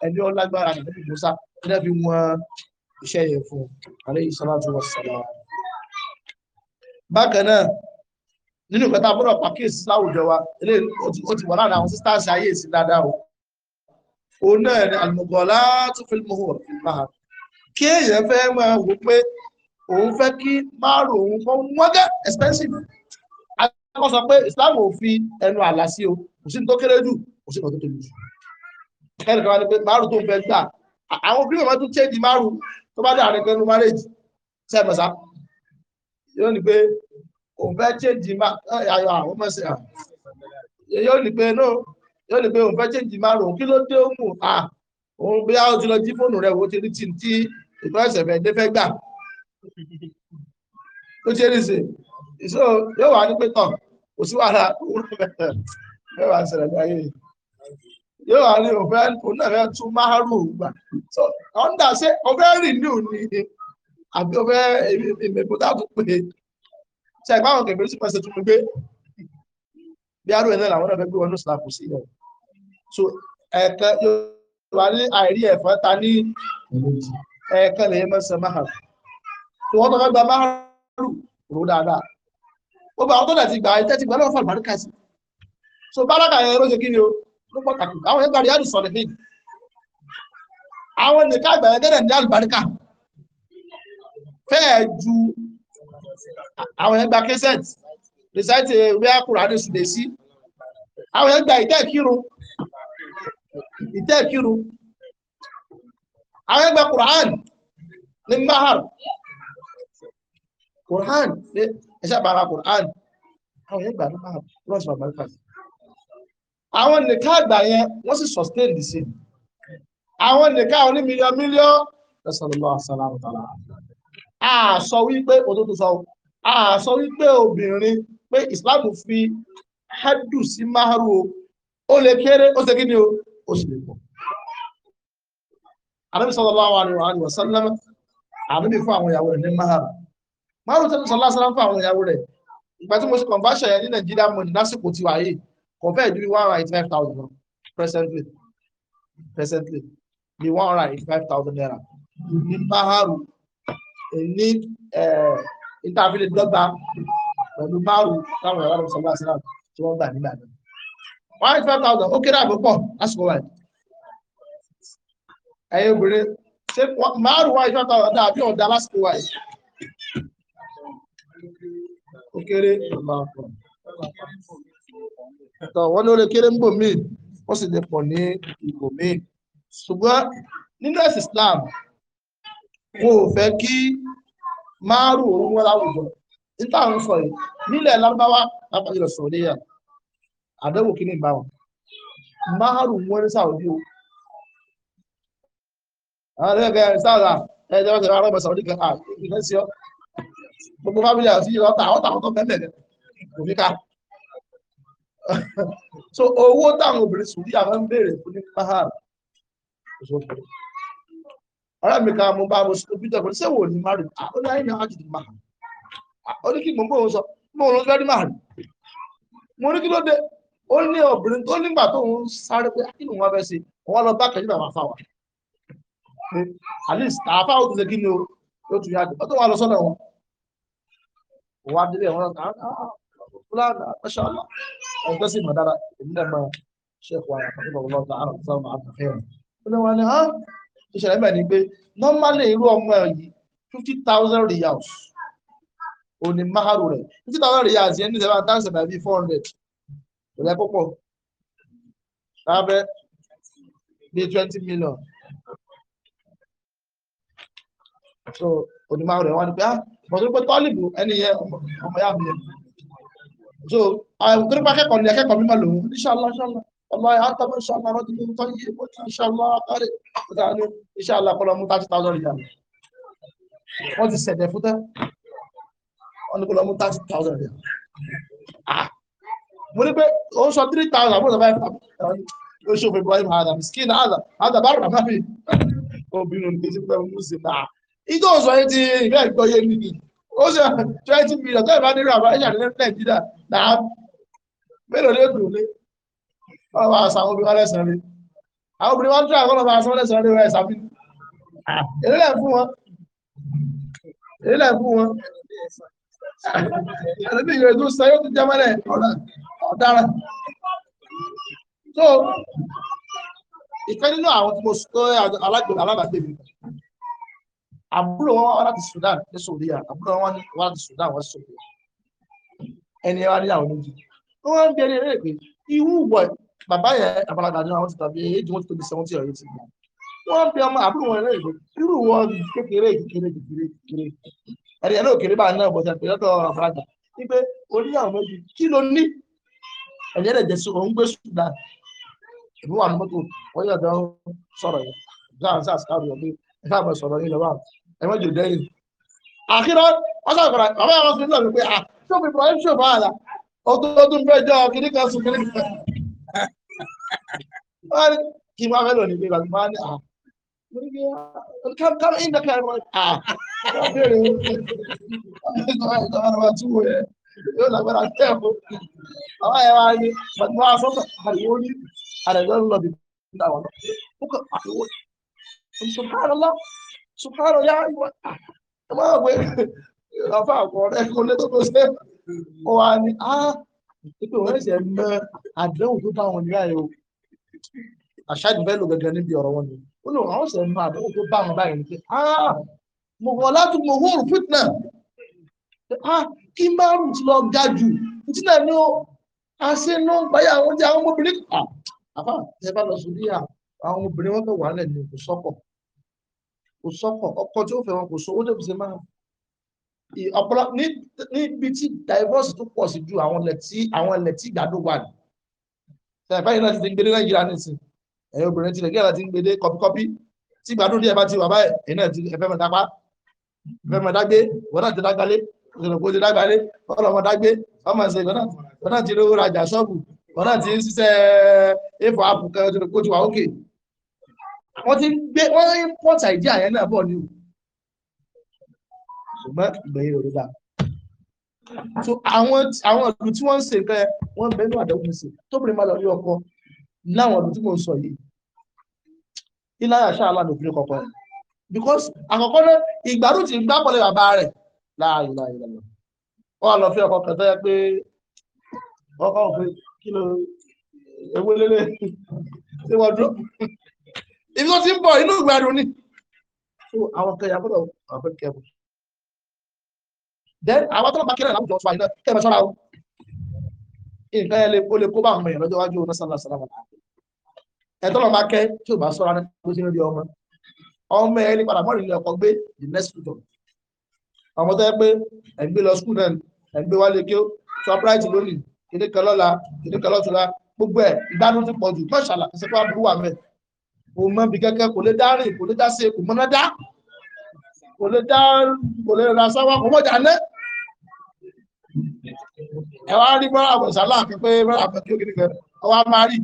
ẹni ọlágbára ànábì Musa ẹni ẹbí wọn iṣẹ́ yẹn fún àlẹ́ ìsọ́lájú wọn sọ̀rọ̀ bákan náà nínú ìpẹta gbọ́dọ̀ pàkíyèsí láwùjọ wa eléyìí ó ti wà láàrin àwọn sisters ayé ìsìn dáadáa o òun náà ni àlùmọ̀gọ́lá tó fi mọ̀ ọ́ máa kí èèyàn fẹ́ máa wò pé òun fẹ́ kí márùn-ún kọ́ wọ́n gẹ́ expensive kọ́kọ́ sọ pé islam ò fi ẹnu àlà sí o kò sí tó kéré jù kò sí kan tó tóbi jù ẹnì kan wá ní pé márùn tó ń fẹ́ gbà àwọn òbí màmá tún chéjì márùn tó bá dàrin pẹ̀lú márèjì sẹ́ẹ̀mẹ̀sá yóò ní pé òun fẹ́ chéjì ayọ̀ àwọn ọmọ sí yóò ní pé no yóò ní pé òun fẹ́ chéjì márùn kí ló dé ó à òun bí a ti lọ jí fóònù rẹ̀ wo ti rí tí tí ìtọ́ ẹ̀sẹ̀ fẹ́ dé fẹ́ gbà ó ṣe é nìṣe so yóò wá ní pé tán kò sí wàhálà òwúrọ̀ bẹ̀rẹ̀ mẹ́wàá ṣẹlẹ̀ ní ayé yóò wá ní òfẹ́ òun náà fẹ́ tún máàrù gbà so ọ̀ndà ṣe ọ̀fẹ́ rìnú ni àbí ọ̀fẹ́ ìmẹ̀kọ́ dáàbò pé ṣe àgbà àwọn kẹfẹ́ sípò ẹsẹ̀ tún mi gbé bí arú ẹ̀ náà làwọn náà fẹ́ gbé wọn ní slap sí yẹn so ẹ̀ẹ̀kan yóò wá ní àìrí ẹ̀fọ́ ta ní ẹ̀ẹ̀kan lè mọ̀ sẹ́ máàrù tí wọ́n tó fẹ́ gba máàrù rò dáadáa ó bá àwọn tó dẹ̀ ti gbà so báràkà yẹn ló ṣe kí ni o ló pọ̀ kàkì àwọn yẹn gbà ríádù sọ̀rọ̀ ní àwọn nìkan àgbà yẹn gẹ́rẹ̀ ní àlùbáríkà fẹ́ẹ̀ ju àwọn yẹn gba kẹsẹ̀t rìsáìtì wíwá kùránì sùdẹ̀ sí àwọn yẹn gba ìtẹ́ àwọn yẹn gba ní mahar kùránì ẹ sábàárà Quran àwọn yẹn gbà ní máa cross for america àwọn nìkan àgbà yẹn wọ́n sì sustain the same àwọn nìkan àwọn ní mílíọ̀n mílíọ̀n lọ́sọ̀lọ́lọ́ àṣàlámù tààlà a sọ wípé òtútù sọ a sọ wípé obìnrin pé Islam fi hadu sí maharu o ó lè kéré ó ṣe kí ni o ó sì lè pọ̀ àdébísọ̀lọ́lọ́ àwọn àlùwàsánlẹ́mẹ́ àdébí fún àwọn ìyàwó rẹ̀ ní maharu márùn tẹ́lẹ̀ sọ lásán láǹfà àwọn ìyàwó rẹ̀ ìgbà tí mo ṣe conversion yẹn ní nàìjíríà money lásìkò ti wà yìí kò bẹ́ẹ̀ ju one hundred eighty five thousand lọ presently presently ní one hundred eighty five thousand naira ní báhárù ní ìtàfilẹ̀ dọ́gba pẹ̀lú márùn táwọn ìyàwó rẹ̀ sọ lásán láǹfà tí wọ́n gbà nígbà náà one eighty five thousand ó kéré àbí pọ̀ lásìkò wáyé ẹ̀yin obìnrin ṣé márùn one eighty five thousand dàbí ọ̀dà lásìkò wáyé ó kéré tọ̀ wọ́n ní ó lè kéré ń bò míì ó sì lè pọ̀ ní ìbò míì ṣùgbọ́n nínú ẹ̀sìn Islam wọn ò fẹ́ kí márùn òun wọ́n láwùjọ níta ń sọ yìí nílẹ̀ lárúbáwá lápapọ̀ ìlọ sọ̀rọ̀ níyà àdéhùn kí ni ìgbà wọn márùn wọn ní sàwọ́dí o àwọn ẹgbẹ́ sáàlà ẹ̀ẹ́dẹ́gbẹ́sẹ̀ arọ́bẹ̀ sàwọ́dí kan à ìfẹ́ gbogbo fámílì àti ọ̀tà ọ̀tà ọ̀tà mẹ́lẹ̀ kò ní ká so owó táwọn obìnrin sùúrì àwọn ń béèrè fún ní mahar ọ̀rẹ́ mi kan mo bá mo sọ peter kò ní sẹ́wọ̀n ní mahar ah, ó ní ayé ní àwọn àjèjì mahar ó ní kí mo bóun sọ mo lọ fẹ́ rí mahar mo ní kí ló dé ó ní obìnrin tó nígbà tó ń sáré pé kí ni wọ́n fẹ́ ṣe wọ́n lọ bá kẹ́jú bàbá fáwọn at least àfáwọn tó ṣe kí ni ó tún yá jù ó tó wà lọ sọ́dọ̀ wọn wá délé àwọn ọ̀gá ah, ah, fúlàní àtàṣà ọ̀la ẹ̀jọ́ sì mọ̀ dára èmi náà máa ṣe kó ara pàṣẹ bọ̀ lọ́ta àrùn sáwọn àtàfẹ́ rẹ̀ ó ní wọn ni hàn ah, ìṣẹ̀lẹ̀ mẹ́rin ni pé normally irú ọmọ yìí fifty thousand riyals òní maharu rẹ̀ fifty thousand riyals yẹn ní ìṣẹ̀lẹ̀ àtàṣà bàbá bíi four hundred kò lẹ́ púpọ̀ lábẹ́ bíi twenty million. So, onímọ̀ rẹ̀ wá ní pé ah bọ̀dọ̀ pé tọ́lìbù ẹni yẹ ọmọ yá mi yẹ so ah, torí pé akẹ́kọ̀ọ́ ni akẹ́kọ̀ọ́ mímọ̀ lòun inṣàlá inṣàlá ọlọ́ àtàwọn inṣàlá rọ́ọ̀dì ní tọ́ yé ó ti inṣàlá kárí ọ̀tà ní inṣàlá kọlọ mú thirty thousand riyal wọ́n ti sẹ̀dẹ̀ fún tẹ́ wọ́n ní kọlọ mú thirty thousand riyal ah mo ní pé ó sọ three thousand àbúrò five thousand ó ṣe òfin Ibrahim adam skin adam adam bá rà má fi obìnrin ní ti fẹ́ mú sí náà ìjọ sọ yìí ti ìgbẹ́ ìgbọ́yé nìyí ó sì twenty million tó ìbá nírú àbáyé àdílé nàìjíríà náà mélòó ló dùn lé ọwọ́ àṣà àwọn obìnrin lẹ́sàn-án àwọn obìnrin wọn tún àkọlọ́ bá aṣọ lẹ́sàn-án rí ẹ̀sà bí èlélẹ̀ fún wọn èlélẹ̀ fún wọn àdébí ìrìn tó sẹ yóò tún jẹ́ ọ̀daràn tó ìfẹ́ nínú àwọn tí mo sọ alágbèbè alábàgbèbè kan àbúrò wọn wá láti Sudan ní sòríà àbúrò wọn wá láti Sudan wá sòríà ẹni wá níyàwó méjì wọn ń bẹ̀rẹ̀ rẹ pé irú wọ bàbá yẹn àbálàgbà ni àwọn ti tàbí èyí tí wọn ti tóbi seventy ọyọ ti gbà wọn bẹ ọmọ àbúrò wọn rẹ pé irú wọ kékeré kékeré kékeré kékeré ẹni ẹni òkèrè bá náà bọ̀ sẹ́pẹ̀ lọ́tọ̀ àbálàgbà ni pé oníyàwó méjì kí ló ní ẹni ẹ̀rẹ̀ jẹ́ sí òun gbé Sudan ìbúwà ní mọ́tò wọ́n yọ̀ ẹ má jò dẹ́yìn àkírọ́ wọ́n sàgbàrà bàbá àwọn sùn náà wípé ṣọ́ọ̀bù Ibrahim ṣọ́ọ̀bù àlà ọdún fẹ́ jọ kiri kan sùn kiri kan kí wọ́n fẹ́ lò ní ìgbéga máa ní à Come, come in the car. Ah, yóò lágbára tẹ́ ẹ̀ fún àwọn ẹ̀ wá ní pàtàkì wọn sọ́tọ̀ àríwó ní àrẹ̀gbẹ́ ńlọ bí i àwọn ọ̀nà. Ó kọ̀ àríwó. Sùkárọ̀ lọ. subhanahu ya ìwà ẹ máa wẹ ọfà àkọọrẹ kó lé tó tó ṣe ọ wà ní a ipe wọn ṣe mọ àdéhùn tó bá wọn níyà yìí o àṣàdì bẹ́ẹ̀ ló gẹ́gẹ́ níbi ọ̀rọ̀ wọn ni ó lè wọn ṣe mọ àdéhùn tó bá wọn báyìí ní pé á mo wọ láti mo hóòrù fitna á kí márùn ti lọ ga jù títí náà ni ó aṣínú gbáyà àwọn oúnjẹ àwọn ọmọbìnrin àbá ẹ bá lọ sórí àwọn ọmọbìnrin wọn kọ wà lẹ́nu ìbùsọkọ kò sọkọ ọkọ tí ó fẹ́ wọn kò sówó débi ṣe máa ọ̀pọ̀lọpọ̀ níbi tí divorce tó pọ̀ sí ju àwọn ilẹ̀ tí àwọn ilẹ̀ tí ìgbádùn wà ní. ṣèpá yìí náà ti ń gbé dé nàìjíríà nísìn ẹ̀yin obìnrin tilẹ̀ gẹ́gẹ́ láti ń gbé dé kọpíkọpí tí ìgbádùn díẹ̀ bá ti wà báyìí ẹ̀yin náà ti ẹ̀fẹ́ mẹ́ta pa ẹ̀fẹ́ mẹ́ta gbé ìwọ́n náà ti dágbálé òṣèlú ti dágbálé ọlọ́mọ dágbé ọmọ ẹ̀sẹ̀ ìwọ́n wọ́n ti ń gbé wọ́n ń pọ̀tà ìdí àyẹ̀ náà bọ̀ ni o ṣùgbọ́n ìgbẹ̀yìn ò so àwọn àwọn ìlú tí wọ́n ń ṣe nǹkan yẹn wọ́n ń bẹnu àdéhùn mi sí tó bìnrin máa lọ ní ọkọ láwọn ìlú tí mò ń sọ yìí because àkọ́kọ́ náà ìgbàdùn ti gbá pọ̀lẹ́ bàbá rẹ̀ láàyè láàyè lọ́wọ́ wọ́n á lọ fi ọkọ̀ kan tó ibi tó ti ń bọ̀ inú ìgbàdùn ni so àwọn kan yàgbọ́dọ̀ àwọn kan kẹ́kọ̀ọ́ then àwọn tó bá kẹ́rẹ̀ láwùjọ fún àyínà kẹ́kọ̀ọ́ sọ́ra o nǹkan ẹlẹ́ o lè kó bá àwọn èèyàn lọ́jọ́ wájú ọ̀nà sàlá sàlá wọn ẹ̀tọ́ lọ bá kẹ́ tí o bá sọ́ra ní tó ti ń rí ọmọ ọmọ ẹ̀ ní padà mọ́rin ilé ọkọ̀ gbé the next future ọmọ tó yẹ pé ẹ̀ ń gbé lọ school náà ẹ̀ ń gbé wálé kí ó surprise lónìí kìnnìkan lọ́la kìnnìkan lọ́tùlá gbogbo ẹ̀ ìgbádùn ti pọ̀ jù mọ́ṣálà ìsìnkú àbúrú wà mẹ́ẹ̀ kò mọ ibi kankan kò lè dá rìn kò lè dá se kò mọ́ná dá kò lè dá kò lè ra sáwá kò mọ́ dáná ẹ wá rí bọ́lá àbọ̀sá láàfin pé bọ́lá àbọ̀ kí ó kiri kan ọ wá máa rí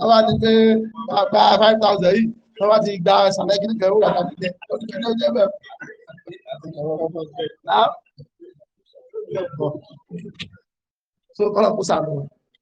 àwọn àti pé gba five thousand yìí wọ́n wá ti gba sàlẹ̀ kí ní kẹrù rà láti jẹ ọdún kẹrù jẹ bẹ́ẹ̀. so kọ́lá kó sàlọ̀.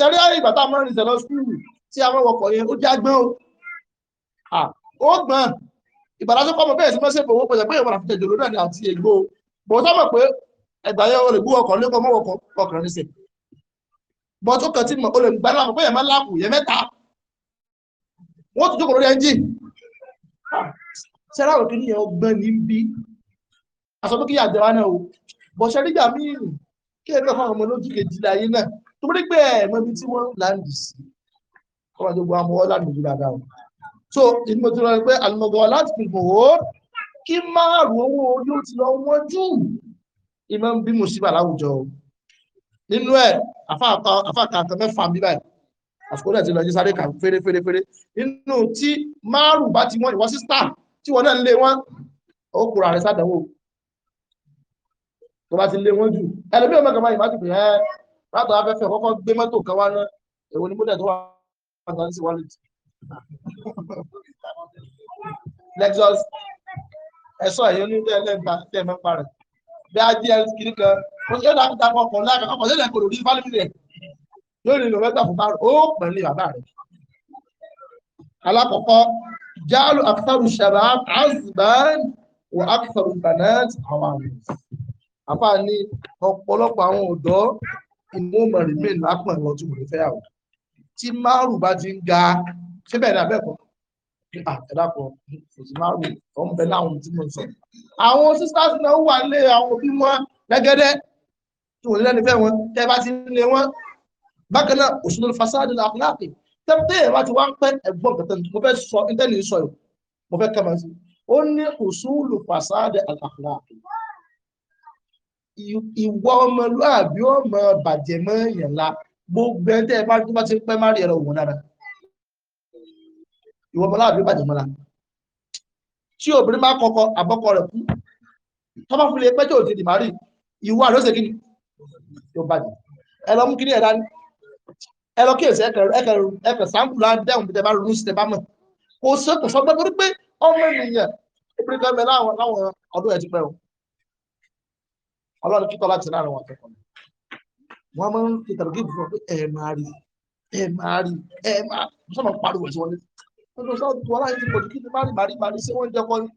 sẹ́rí àyè ìgbà tá a máa ń rìnsẹ̀ lọ sùúrù tí a máa wọkọ̀ yẹn ó jẹ́ agbọ́n o ó gbọ́n ìbàdàn tó kọ́ mọ̀ bẹ́ẹ̀ sí mọ́sẹ̀ fowó pẹ̀lú pé ìwọ̀n àfihàn jòló náà ni àti ègbò bò ó sọ́mọ̀ pé ẹgbà yẹn o lè gbú ọkọ̀ lẹ́kọ̀ọ́ mọ́wọ́kọ̀ ọkọ̀ rìnsẹ̀ bọ́ tó kàn tí o lè gbà láàmú pé yẹn máa láàkù yẹn mẹ́ta wọ́n tún jókòó lórí ẹnjì sẹ́rà òkè ní ọgbọ́n ní bí aṣọ pé kí yà jẹ́ wá náà o bọ̀ ṣẹ́rígbà míì kí ẹgbẹ́ fún ọmọ lójú kejì láyé náà tó bí pé ẹ̀ mọ ibi tí wọ́n láǹdì sí wọ́n máa tó gbọ́ amọ́ láǹdì sí dáadáa o so ìdí mo ti rọ pé àlùmọ̀gọ́ láti fi gbòòrò kí márùn owó yóò ti lọ wọ́n jù ìmọ̀ bí mo sì bà láwùjọ o nínú ẹ̀ àfàkàtà mẹ́fà ń bí báyìí àsìkò náà ti lọ jí sáré kà fèrè fèrè fèrè nínú tí márùn bá ti wọ́n ìwọ sísítà tí wọ́n náà lé wọ́n ó kúrò àrẹ sádàwó tó bá ti lé wọ́n jù ẹlòmíràn mẹ́kànlá látọ̀ afẹ́fẹ́ kọ́kọ́ gbé mọ́tò kan wá ná èwo ni mọ́tò tó wà wà ní sí wallet lexus ẹ̀sọ́ ẹ̀yọ́ ní ilé ẹlẹ́gbà tẹ̀ mẹ́pa rẹ̀ bí a jẹ́ kiri kan ó ṣe dáa dáa kọ́ ọkọ̀ láàkà ọkọ̀ sílẹ̀ kò lórí fálẹ́mì rẹ̀ yóò nílò mẹ́ta fún bárò ó pẹ̀lú bàbá rẹ̀ alákọ̀ọ́kọ́ jáàlù akitaru shabab azban wa akitaru banat àwọn àmì àpá ní ọ̀pọ̀lọpọ̀ àwọn ọ̀dọ́ ìmú mọ̀ remain lápọ̀ ìwọ̀n tí mo lè fẹ́ àwọn tí márùn bá ti ń ga síbẹ̀ ní abẹ́kọ̀ọ́ àtẹ̀dàpọ̀ kò sí márùn tó ń bẹ láwọn tí mo sọ. àwọn sisters náà wà lé àwọn òbí wọn lẹ́gẹ́dẹ́ tí wọ́n lẹ́nu fẹ́ wọn tẹ́ bá ti ń lé wọn. bákan náà usulul fasadi la akhlaqi tẹ́tẹ́ ẹ̀ bá ti wá ń pẹ́ ẹ̀gbọ́n kẹtẹ́ mo fẹ́ sọ intanet sọ yìí mo fẹ́ kẹ́ mọ́ sí i ó ní usulul fasadi al akhlaqi ìwọ ọmọlúàbí ọmọ bàjẹ́ mọ́ èèyàn la gbogbo ẹni tẹ́ ẹ bá tó bá ti pẹ́ má rí ẹ̀rọ òun dára ìwọ ọmọlúàbí bàjẹ́ mọ́ la tí obìnrin bá kọkọ àbọ́kọ rẹ̀ kú tó bá fúnlé pẹ́jọ́ òtí di màrí ìwọ àlọ́sẹ̀ kí ni tó bàjẹ́ ẹ lọ mú kí ni ẹ̀dá ni ẹ lọ kíyèsí ẹkẹ sáńkù láń dẹ́hùn bí tẹ bá ronú sí tẹ bá mọ̀ kò sọ́kò sọ́gbẹ́ torí pé ọmọ ènìyàn obìnrin kan bẹ láwọn ọdún ẹ̀ ti pẹ́ o ọlọ́run kíkọ́ láti láàrin wọn akẹ́kọ̀ọ́ wọn máa ń fi tàbí kíkọ́ pé ẹ máa rí ẹ máa rí ẹ máa sọ̀rọ̀ pariwo ẹ̀sìn wọlé ọdún sọ́ọ́ tó wọlé ti pọ̀jù kí ni má rí má rí má wọ́n jẹ́ kọ́ni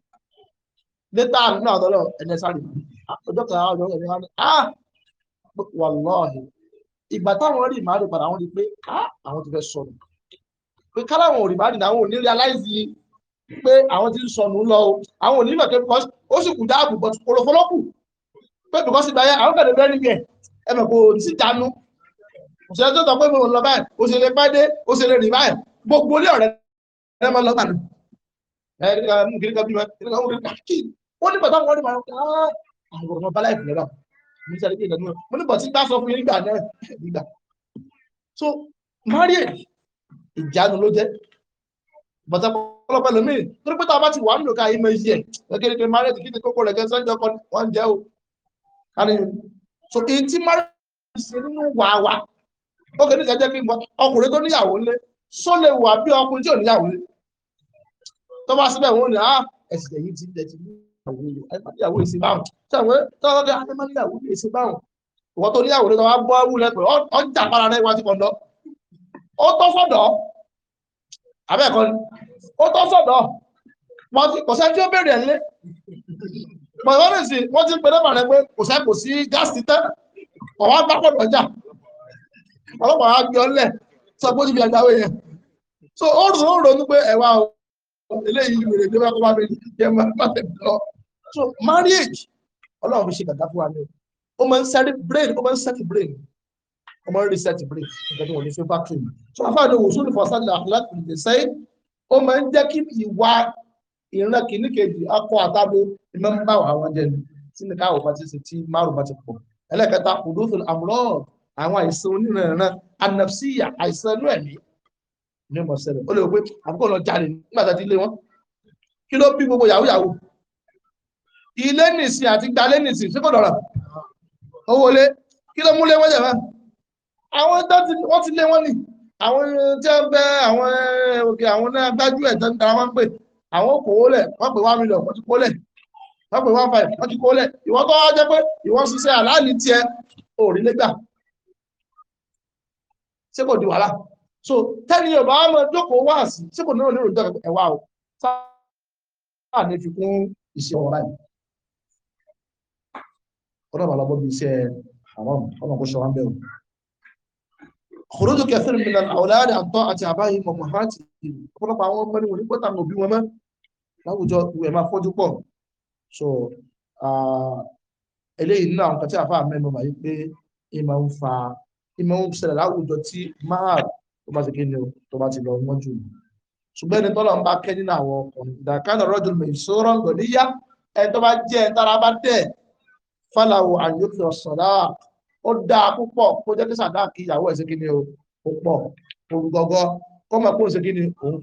létà nínú àtọ́lọ́ ẹ̀nẹ́ ah, ah! wàlọ́ọ̀hì ìgbà táwọn rí má rí padà wọn rí pé ah àwọn ti fẹ́ sọnù pé káláwọn ò rí má rí náà àwọn ò ní realize pé àwọn ti ń sọnù lọ o àwọn ò ní mọ̀ pé ó sì kù dáàbò bọ̀ pé bìkọ́ sí gbáyà àwọn kẹ̀lẹ́ bẹ́ẹ̀ nìyẹn ẹ mọ̀ kò sí jánu òṣèré tó sọ pé mo lọ báyìí òṣèré pàdé òṣèré rìn báyìí gbogbo ilé ọ̀rẹ́ ẹ máa lọ gbà ní. ẹ kí ni kí ni kí ni kí ni wọ́n ní bàtà wọn ní màá àwọn ọmọ bala ìpìlẹ̀ náà mo so mari. ìjánu ló jẹ́ bàtà pọ̀lọpọ̀ lómi torí pé tá a bá ti wà nílò ká ìmọ̀ iye ẹ̀ kékeré marriage kí ni kókó rẹ̀ kẹsàn-án jọ kọ́ wọ́n o kárí so èyí tí márùn ṣe nínú wàwà ó kẹ́ nígbà jẹ́ kí n bọ́ ọkùnrin tó níyàwó lé só lè wà bí ọkùnrin tí ò níyàwó lé tó bá síbẹ̀ wọ́n ní ah ẹ̀sìn ẹ̀yìn ti dẹ̀ ti níyàwó lé ẹ̀yàwó èsì báwọn sẹ́wọ̀n tó wọ́n kẹ́ adé má níyàwó lé èsì báwọn ìwọ́n tó níyàwó lé tó wá bọ́ wúlẹ̀ pé ọjà para rẹ̀ wájú kọ̀ọ̀dọ́ o tọ́ sọ́dọ̀ abẹ́ẹ̀kọ́ ni ó tọ́ sọ́dọ̀ wọ́n ti kọ̀ṣẹ́ tí ó bèrè ẹ̀ lé mọ̀lẹ́sì wọ́n ti ń pe nọ́mbà rẹ pé kò sẹ́ kò sí gáàsì tẹ́ ọ̀wá bá pọ̀ lọ́jà ọlọ́pàá wa gbé ọlẹ̀ sọ pé ó ti fi àgbáwé yẹn so ó rò ó ronú pé ẹ̀wà o eléyìí wèrè bí wọ́n kọ́ bá mi jẹ́ má tẹ̀ lọ so marriage ọlọ́run fi ṣe gàgá fún wa ní o ó máa ń sẹ́rí brain ó máa ń sẹ́tì brain ó máa ń resẹ́tì brain nǹkan tó wọ́n ní fi bá tù so afáàdé wòsùn ní fọ́sán ní àkùnrin láti lè sẹ́yìn ó máa ń jẹ́ kí ìwà ìran kìíní kejì akọ àtàbò iná ń bá àwọn jẹ tí ní káwọ bá ti ṣe tí márùn bá ti pọ̀ ẹlẹ́kẹta kùdùfún àmúrọ̀ àwọn àìsàn oníranran anapsiya àìsàn inú ẹ̀mí ní ọmọ ṣẹlẹ̀ ó lè wọ pé àbúkọ lọ jalè nígbà tá ti lé wọn kí ló bí gbogbo yahoo yahoo ilé nìsín àti gbalé nìsín ṣé kò dọ̀rọ̀ owó lé kí ló mú lé wọ́n jẹ̀ fún àwọn wọ́n ti lé wọ́n nì àwọn tí wọ́n bẹ́ àwọn òkè àwọn náà gbájú ẹ̀ tán tara wọ́n pè àwọn kòó lẹ̀ wọ́n pè one million wọ́n ti kó lẹ̀ wọ́n pè one five wọ́n ti kó lẹ̀ ìwọ́n kọ́ jẹ́ pé ìwọ́n ṣiṣẹ́ àláàlì tiẹ̀ òrìlégbà ṣé kò di wàhálà so tẹ́lẹ̀ yóò bá mọ jókòó wá sí ṣé kò nílò nílò ìjọba ẹ̀wà o sáà ní fi kún ìṣe ọ̀rá yìí ọ̀rọ̀ bàbá bọ́ bí iṣẹ́ haram ọmọ kò ṣọwọ́n bẹ́ẹ̀ o. خروج كثير من الأولاد عن طاعة آبائهم وأمهاتهم ọ̀pọ̀lọpọ̀ àwọn ọmọ ni wọ́n ní gbọ́tà òbí wọn mọ́ láwùjọ ẹ máa fọ́jú pọ̀ so eléyìí nínú àwọn kan tí àfa mẹ́nu mà yìí pé ìmọ̀ ń fa ìmọ̀ ń ṣẹlẹ̀ láwùjọ tí máa tó bá ti kí ni o tó bá ti lọ wọ́n jù ṣùgbọ́n ẹni tọ́lọ̀ ń bá kẹ́ nínú àwọn ọkùnrin ìdàkánà rọ́jò lè sọ̀rọ̀ ń gbọ̀ níyà ẹni tó bá jẹ́ ẹni tára bá dẹ̀ fàlàwọ̀ àyòkè ọ̀sọ̀dá ó dáa púpọ̀ kó jẹ́ kí sàdá ni o púpọ̀ orúgọgọ kọ́mọ̀ kó ṣe kí ni òun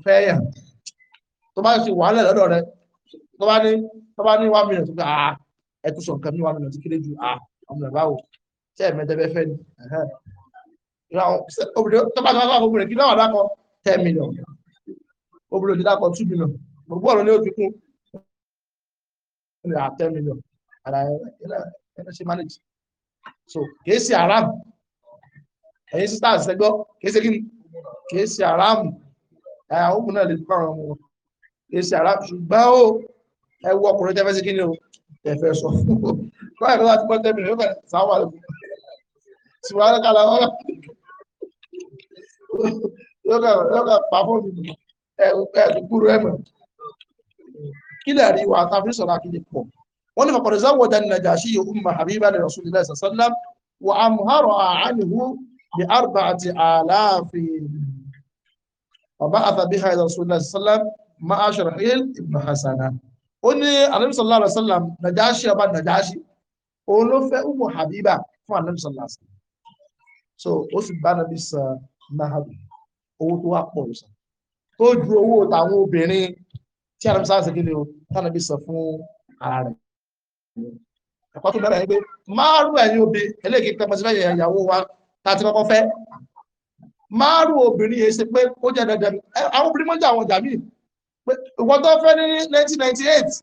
tó bá ṣe wàhálẹ̀ lọ́dọ̀ rẹ tó bá ní tó bá ní wá mílíọ̀nù tó gbà á ah, ẹ tó sọ nǹkan ní wá mílíọ̀nù tó kéré ju à ah, ọmọ rẹ báwo tẹ́ ẹ̀ mẹ́tẹ́ fẹ́ ni tó bá tó bá obìnrin kí náà dákọ ten million obìnrin òjì dákọ two million gbogbo ọ̀rọ̀ ni ó fi kún ten million ara ẹ ẹ ṣe manage so kìí ṣe haram ẹ̀yin sisters ẹgbọ́ kìí ṣe kí ni kìí ṣe haram ẹ̀ àwọn òkú náà lè fọ́ràn ọmọ wọn èsì ara ṣùgbọ́n ó ẹwọ ọkùnrin tẹ́fẹ́ sí kíni o tẹ́fẹ́ sọ fún o kọ́ ẹ̀rọ láti pọ́ tẹ́bí ló bẹ̀rẹ̀ sáwà lọ ṣùgbọ́n ara kàlà wọn lọ́kà pàfọ́ ẹ̀ẹ́dùkúrú ẹ̀mọ̀ kí lè rí wa tàbí sọ̀rọ̀ àkíní pọ̀ wọ́n ní fàkọ̀rẹ̀ sáwọ̀ dání nàjà sí yòókù mà habiba ní rasulillah sàlá ma'asharahil ibn hasana ó ní anabi sallallahu alayhi wa sallam najashi ọba najashi òun ló fẹ́ umu habiba fún anabi sallallahu alayhi wa sallam so ó sì bá anabi san mahabu owó tó wà pọ̀ lọ́sàn tó ju owó tàwọn obìnrin tí anabi sallallahu alayhi wa sallam kí ni o tànàbí san fún ara rẹ̀ ẹ̀kọ́ tó bẹ̀rẹ̀ yín pé márùn ẹ̀yin obì eléyìí kan mọ̀sílẹ̀ yẹn ìyàwó wa ta ti kọ́kọ́ fẹ́ márùn obìnrin yẹn ṣe pé ó jẹ́ dandan àwọn obìnrin mọ́jà àwọn ọjà ìwọ́n tó fẹ́ ní 1998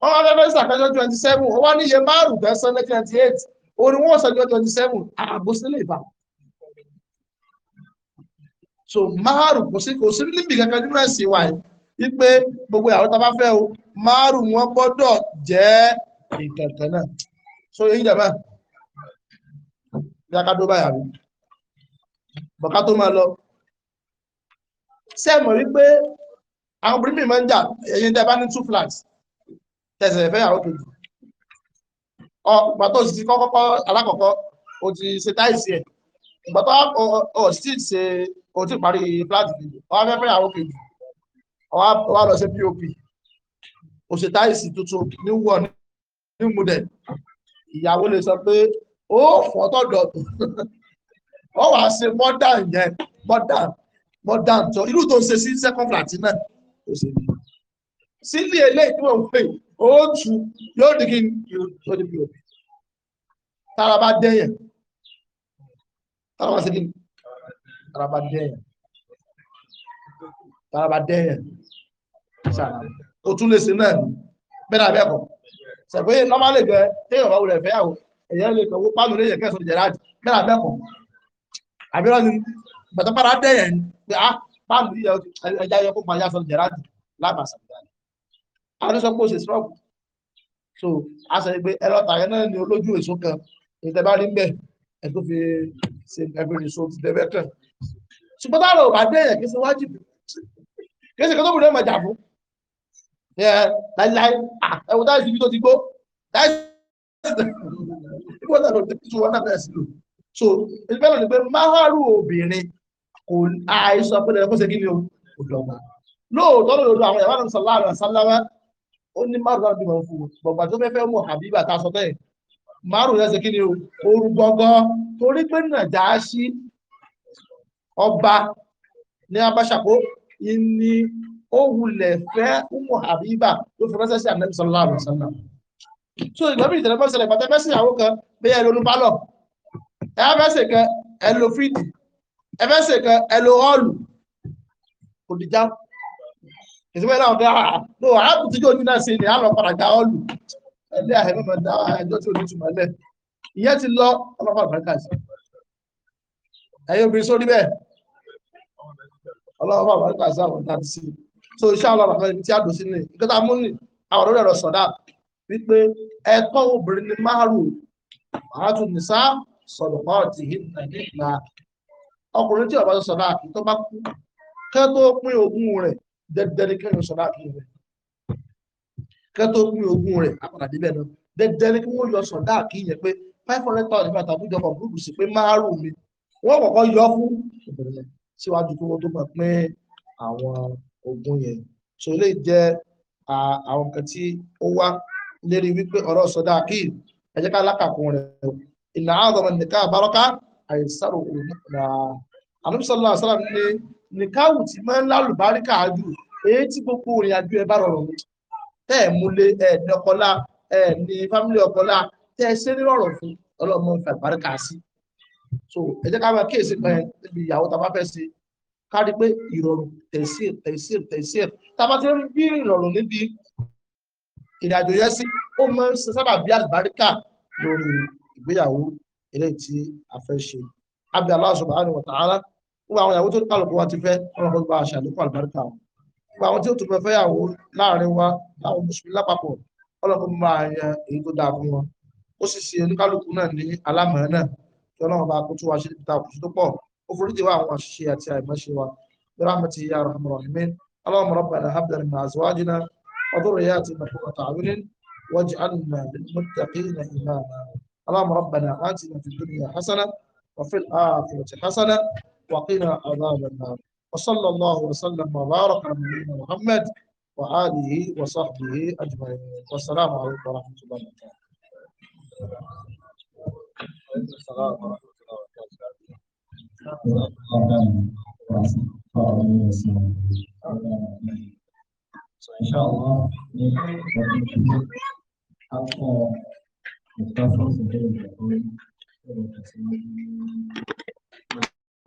wọ́n wá fẹ́fẹ́ sàkájọ́ 27 ó wá níye márùn-ún tẹ́sán 1998 orí wọ́n sàjọ́ 27 ààbò sílẹ̀ ìbá so márùn-ún kò sí kò sí níbi kankan nínú ẹ̀sìn wa yìí wípé gbogbo àwọn tàbá fẹ́ o márùn-ún wọn gbọ́dọ̀ jẹ́ ìkẹ̀kẹ̀ náà so èyí jàmbá bí akádó báyà rí bọ̀ká tó máa lọ sẹ́mọ̀ wípé àwọn obìnrin mi máa ń jà ẹ̀yin tẹ́ bá ní two flags tẹ̀sẹ̀ fẹ́ àwọn kejì ọ ìgbà tó sì kọ́kọ́kọ́ alákọ̀ọ́kọ́ o ti ṣe táìsì ẹ̀ ìgbà tó ọ sì ṣe o ti parí flags kejì ọ wá fẹ́ fẹ́ àwọn kejì ọ wá lọ ṣe pop o ṣe táìsì tuntun ní wọ ní model ìyàwó lè sọ pé ó fọ́tọ̀ dọ̀tún ó wàá ṣe modern yẹn modern modern tó irú tó ń ṣe sí second flat náà ó ṣe bí síbí eléyìí tí wọ́n ń pè ó tu yóò di kí yóò di pop tára bá dẹ́yẹ̀ tára bá ṣe kí tára bá dẹ́yẹ̀ tára bá dẹ́yẹ̀ ó tún lè ṣe náà bẹ́ẹ̀ náà bẹ́ẹ̀ kọ́ sẹ̀gbẹ́ nọ́málì gẹ téèyàn bá wulẹ̀ fẹ́ yàwó èyàn lè kọ̀wó pálù lè yẹ kẹsàn-án jẹ̀rẹ̀ àti bẹ́ẹ̀ náà bẹ́ẹ̀ kọ́ àbí lọ́ni bàtà para dẹ́yẹ̀ ni pé ah páàmù yíyọ ẹja yẹ kó máa yá sọ jẹráàdì lábà sàmìlànì àwọn sọ pé ó ṣe sọọbù so a sọ pé ẹlọta yẹn náà ni olójú èso kan ètò bá rí ń bẹ ẹ tó fi ṣe ẹgbẹrún èso ti dẹbẹ tán ṣùgbọ́n táwọn ò bá dé èèyàn kì í ṣe wájú kì í ṣe kí tó kù ní ọmọ fún ẹ láíláí ẹwọ táyì síbi tó ti gbó táyì síbi tó ti gbó so ìgbẹ́lẹ̀ ni pé máhàrú obìnrin kò àìsọ pé lẹ́yìn kó ṣe kí ni o kò dọ̀gba lóòótọ́ lòdò àwọn ìyàwó àdàmú sàlámù àsálámà ó ní márùn láti bímọ fún un bọ̀gbà tó fẹ́ fẹ́ mú Habiba ta sọ bẹ́ẹ̀ márùn yẹn ṣe kí ni o ooru gbọ́ngọ́ torí pé Nàjáṣí ọba ní abáṣàkó ni ó wulẹ̀ fẹ́ mú Habiba ló fi ránṣẹ́ sí àdàmú sàlámù àsálámù so ìgbàmí ìtẹ̀lẹ́fọ́sẹ̀lẹ̀ pàtẹ́fẹ́sẹ̀ àwọn kan bẹ́ẹ̀ lónú pálọ̀ ẹ̀ ẹfẹ́ ṣe kan ẹlò ọ́ọ̀lù kò lè já ìsinmi náà ọ̀gá ló wà áàpù tí yóò ní náà ṣe ni àlọ́ padà gba ọ́ọ̀lù ẹlẹ́ àhẹ́mọ́ máa dá ẹjọ́ tí ò ní túmọ̀ lẹ̀ ìyẹn ti lọ ọlọ́pàá àgbàkà sí ẹ̀yin obìnrin sórí bẹ́ẹ̀ ọlọ́pàá àgbàkà sí àwọn náà ti sí so iṣẹ́ àwọn àgbàkà tí a dùn sí ni ọkùnrin tí ọba sọ̀dá àkì tó bá kú kẹ́ tó pín ogún rẹ̀ dẹ́dẹ́dẹ́ kí wọ́n sọ̀dá àkì rẹ̀ kẹ́ tó pín ogún rẹ̀ apàdàdé bẹ́ẹ̀ náà dẹ́dẹ́dẹ́ kí wọ́n yọ sọ̀dá àkì yẹn pé five hundred thousand five thousand jọba gúrúùpù sí pé márùn mi wọ́n kọ́kọ́ yọ fún síwájú kí wọ́n tó máa pín àwọn ogún yẹn so eléyìí jẹ́ àwọn kan tí ó wá lérí wípé ọ̀rọ̀ sọ̀dá àkì ẹ̀jẹ̀ ká lákàkún rẹ̀ ìlànà àwọn ọmọ nìkan àbárọ́ká àìsàrò òun náà àlùsọ̀lá àṣàlá ní nìkáwù tí máa ń lálùbáríkà jù èyí tí gbogbo òrìn àjò ẹ bá rọrùn tẹ́ ẹ̀ múlé ẹ̀ dọ́kọ́lá ẹ̀ ní fámílì ọkọlá tẹ́ ẹ ṣe ní rọrùn fún ọlọ́mọ ìfàbáríkà sí so ẹ jẹ́ ká máa kíyèsí pé níbi ìyàwó tá a bá fẹ́ ṣe ká rí pé ìrọ̀rùn tẹ̀síẹ̀ tẹ̀síẹ̀ tẹ̀síẹ̀ tá a bá ti rí bí ìrọ̀rùn níbi ìrìnàjò yẹn sí ó máa ń ṣe sábà bí àlùbáríkà lórí ìgbéyàwó eléyìí tí a fẹ́ ṣe abẹ́ Allah subhanahu wa ta'ala gbogbo àwọn ìyàwó tó kálukú wa ti fẹ́ ọlọ́pàá gba àṣà àlékún àlùbáríkà wọn gbogbo àwọn tí ó tún fẹ́ yàwó láàrin wa láwọn mùsùlùmí lápapọ̀ ọlọ́pàá máa yan èyí tó dáa fún wọn ó sì ṣe oníkálukú náà ní alámọ̀ náà kí ọlọ́run bá kó tó wa ṣe níta òkùnṣe tó pọ̀ ó foríjì wá àwọn àṣìṣe àti àìmọ́ṣe wa برحمته يا ارحم الراحمين اللهم ربنا هب لنا من ازواجنا وذرياتنا قرة اعين واجعلنا للمتقين اماما اللهم ربنا اتنا في الدنيا حسنه وفي الاخره حسنه وقنا عذاب النار وصلى الله وسلم وبارك على نبينا محمد وآله وصحبه أجمعين والسلام عليكم ورحمة الله وبركاته السلام ورحمة الله وبركاته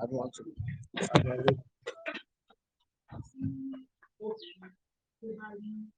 I don't want to.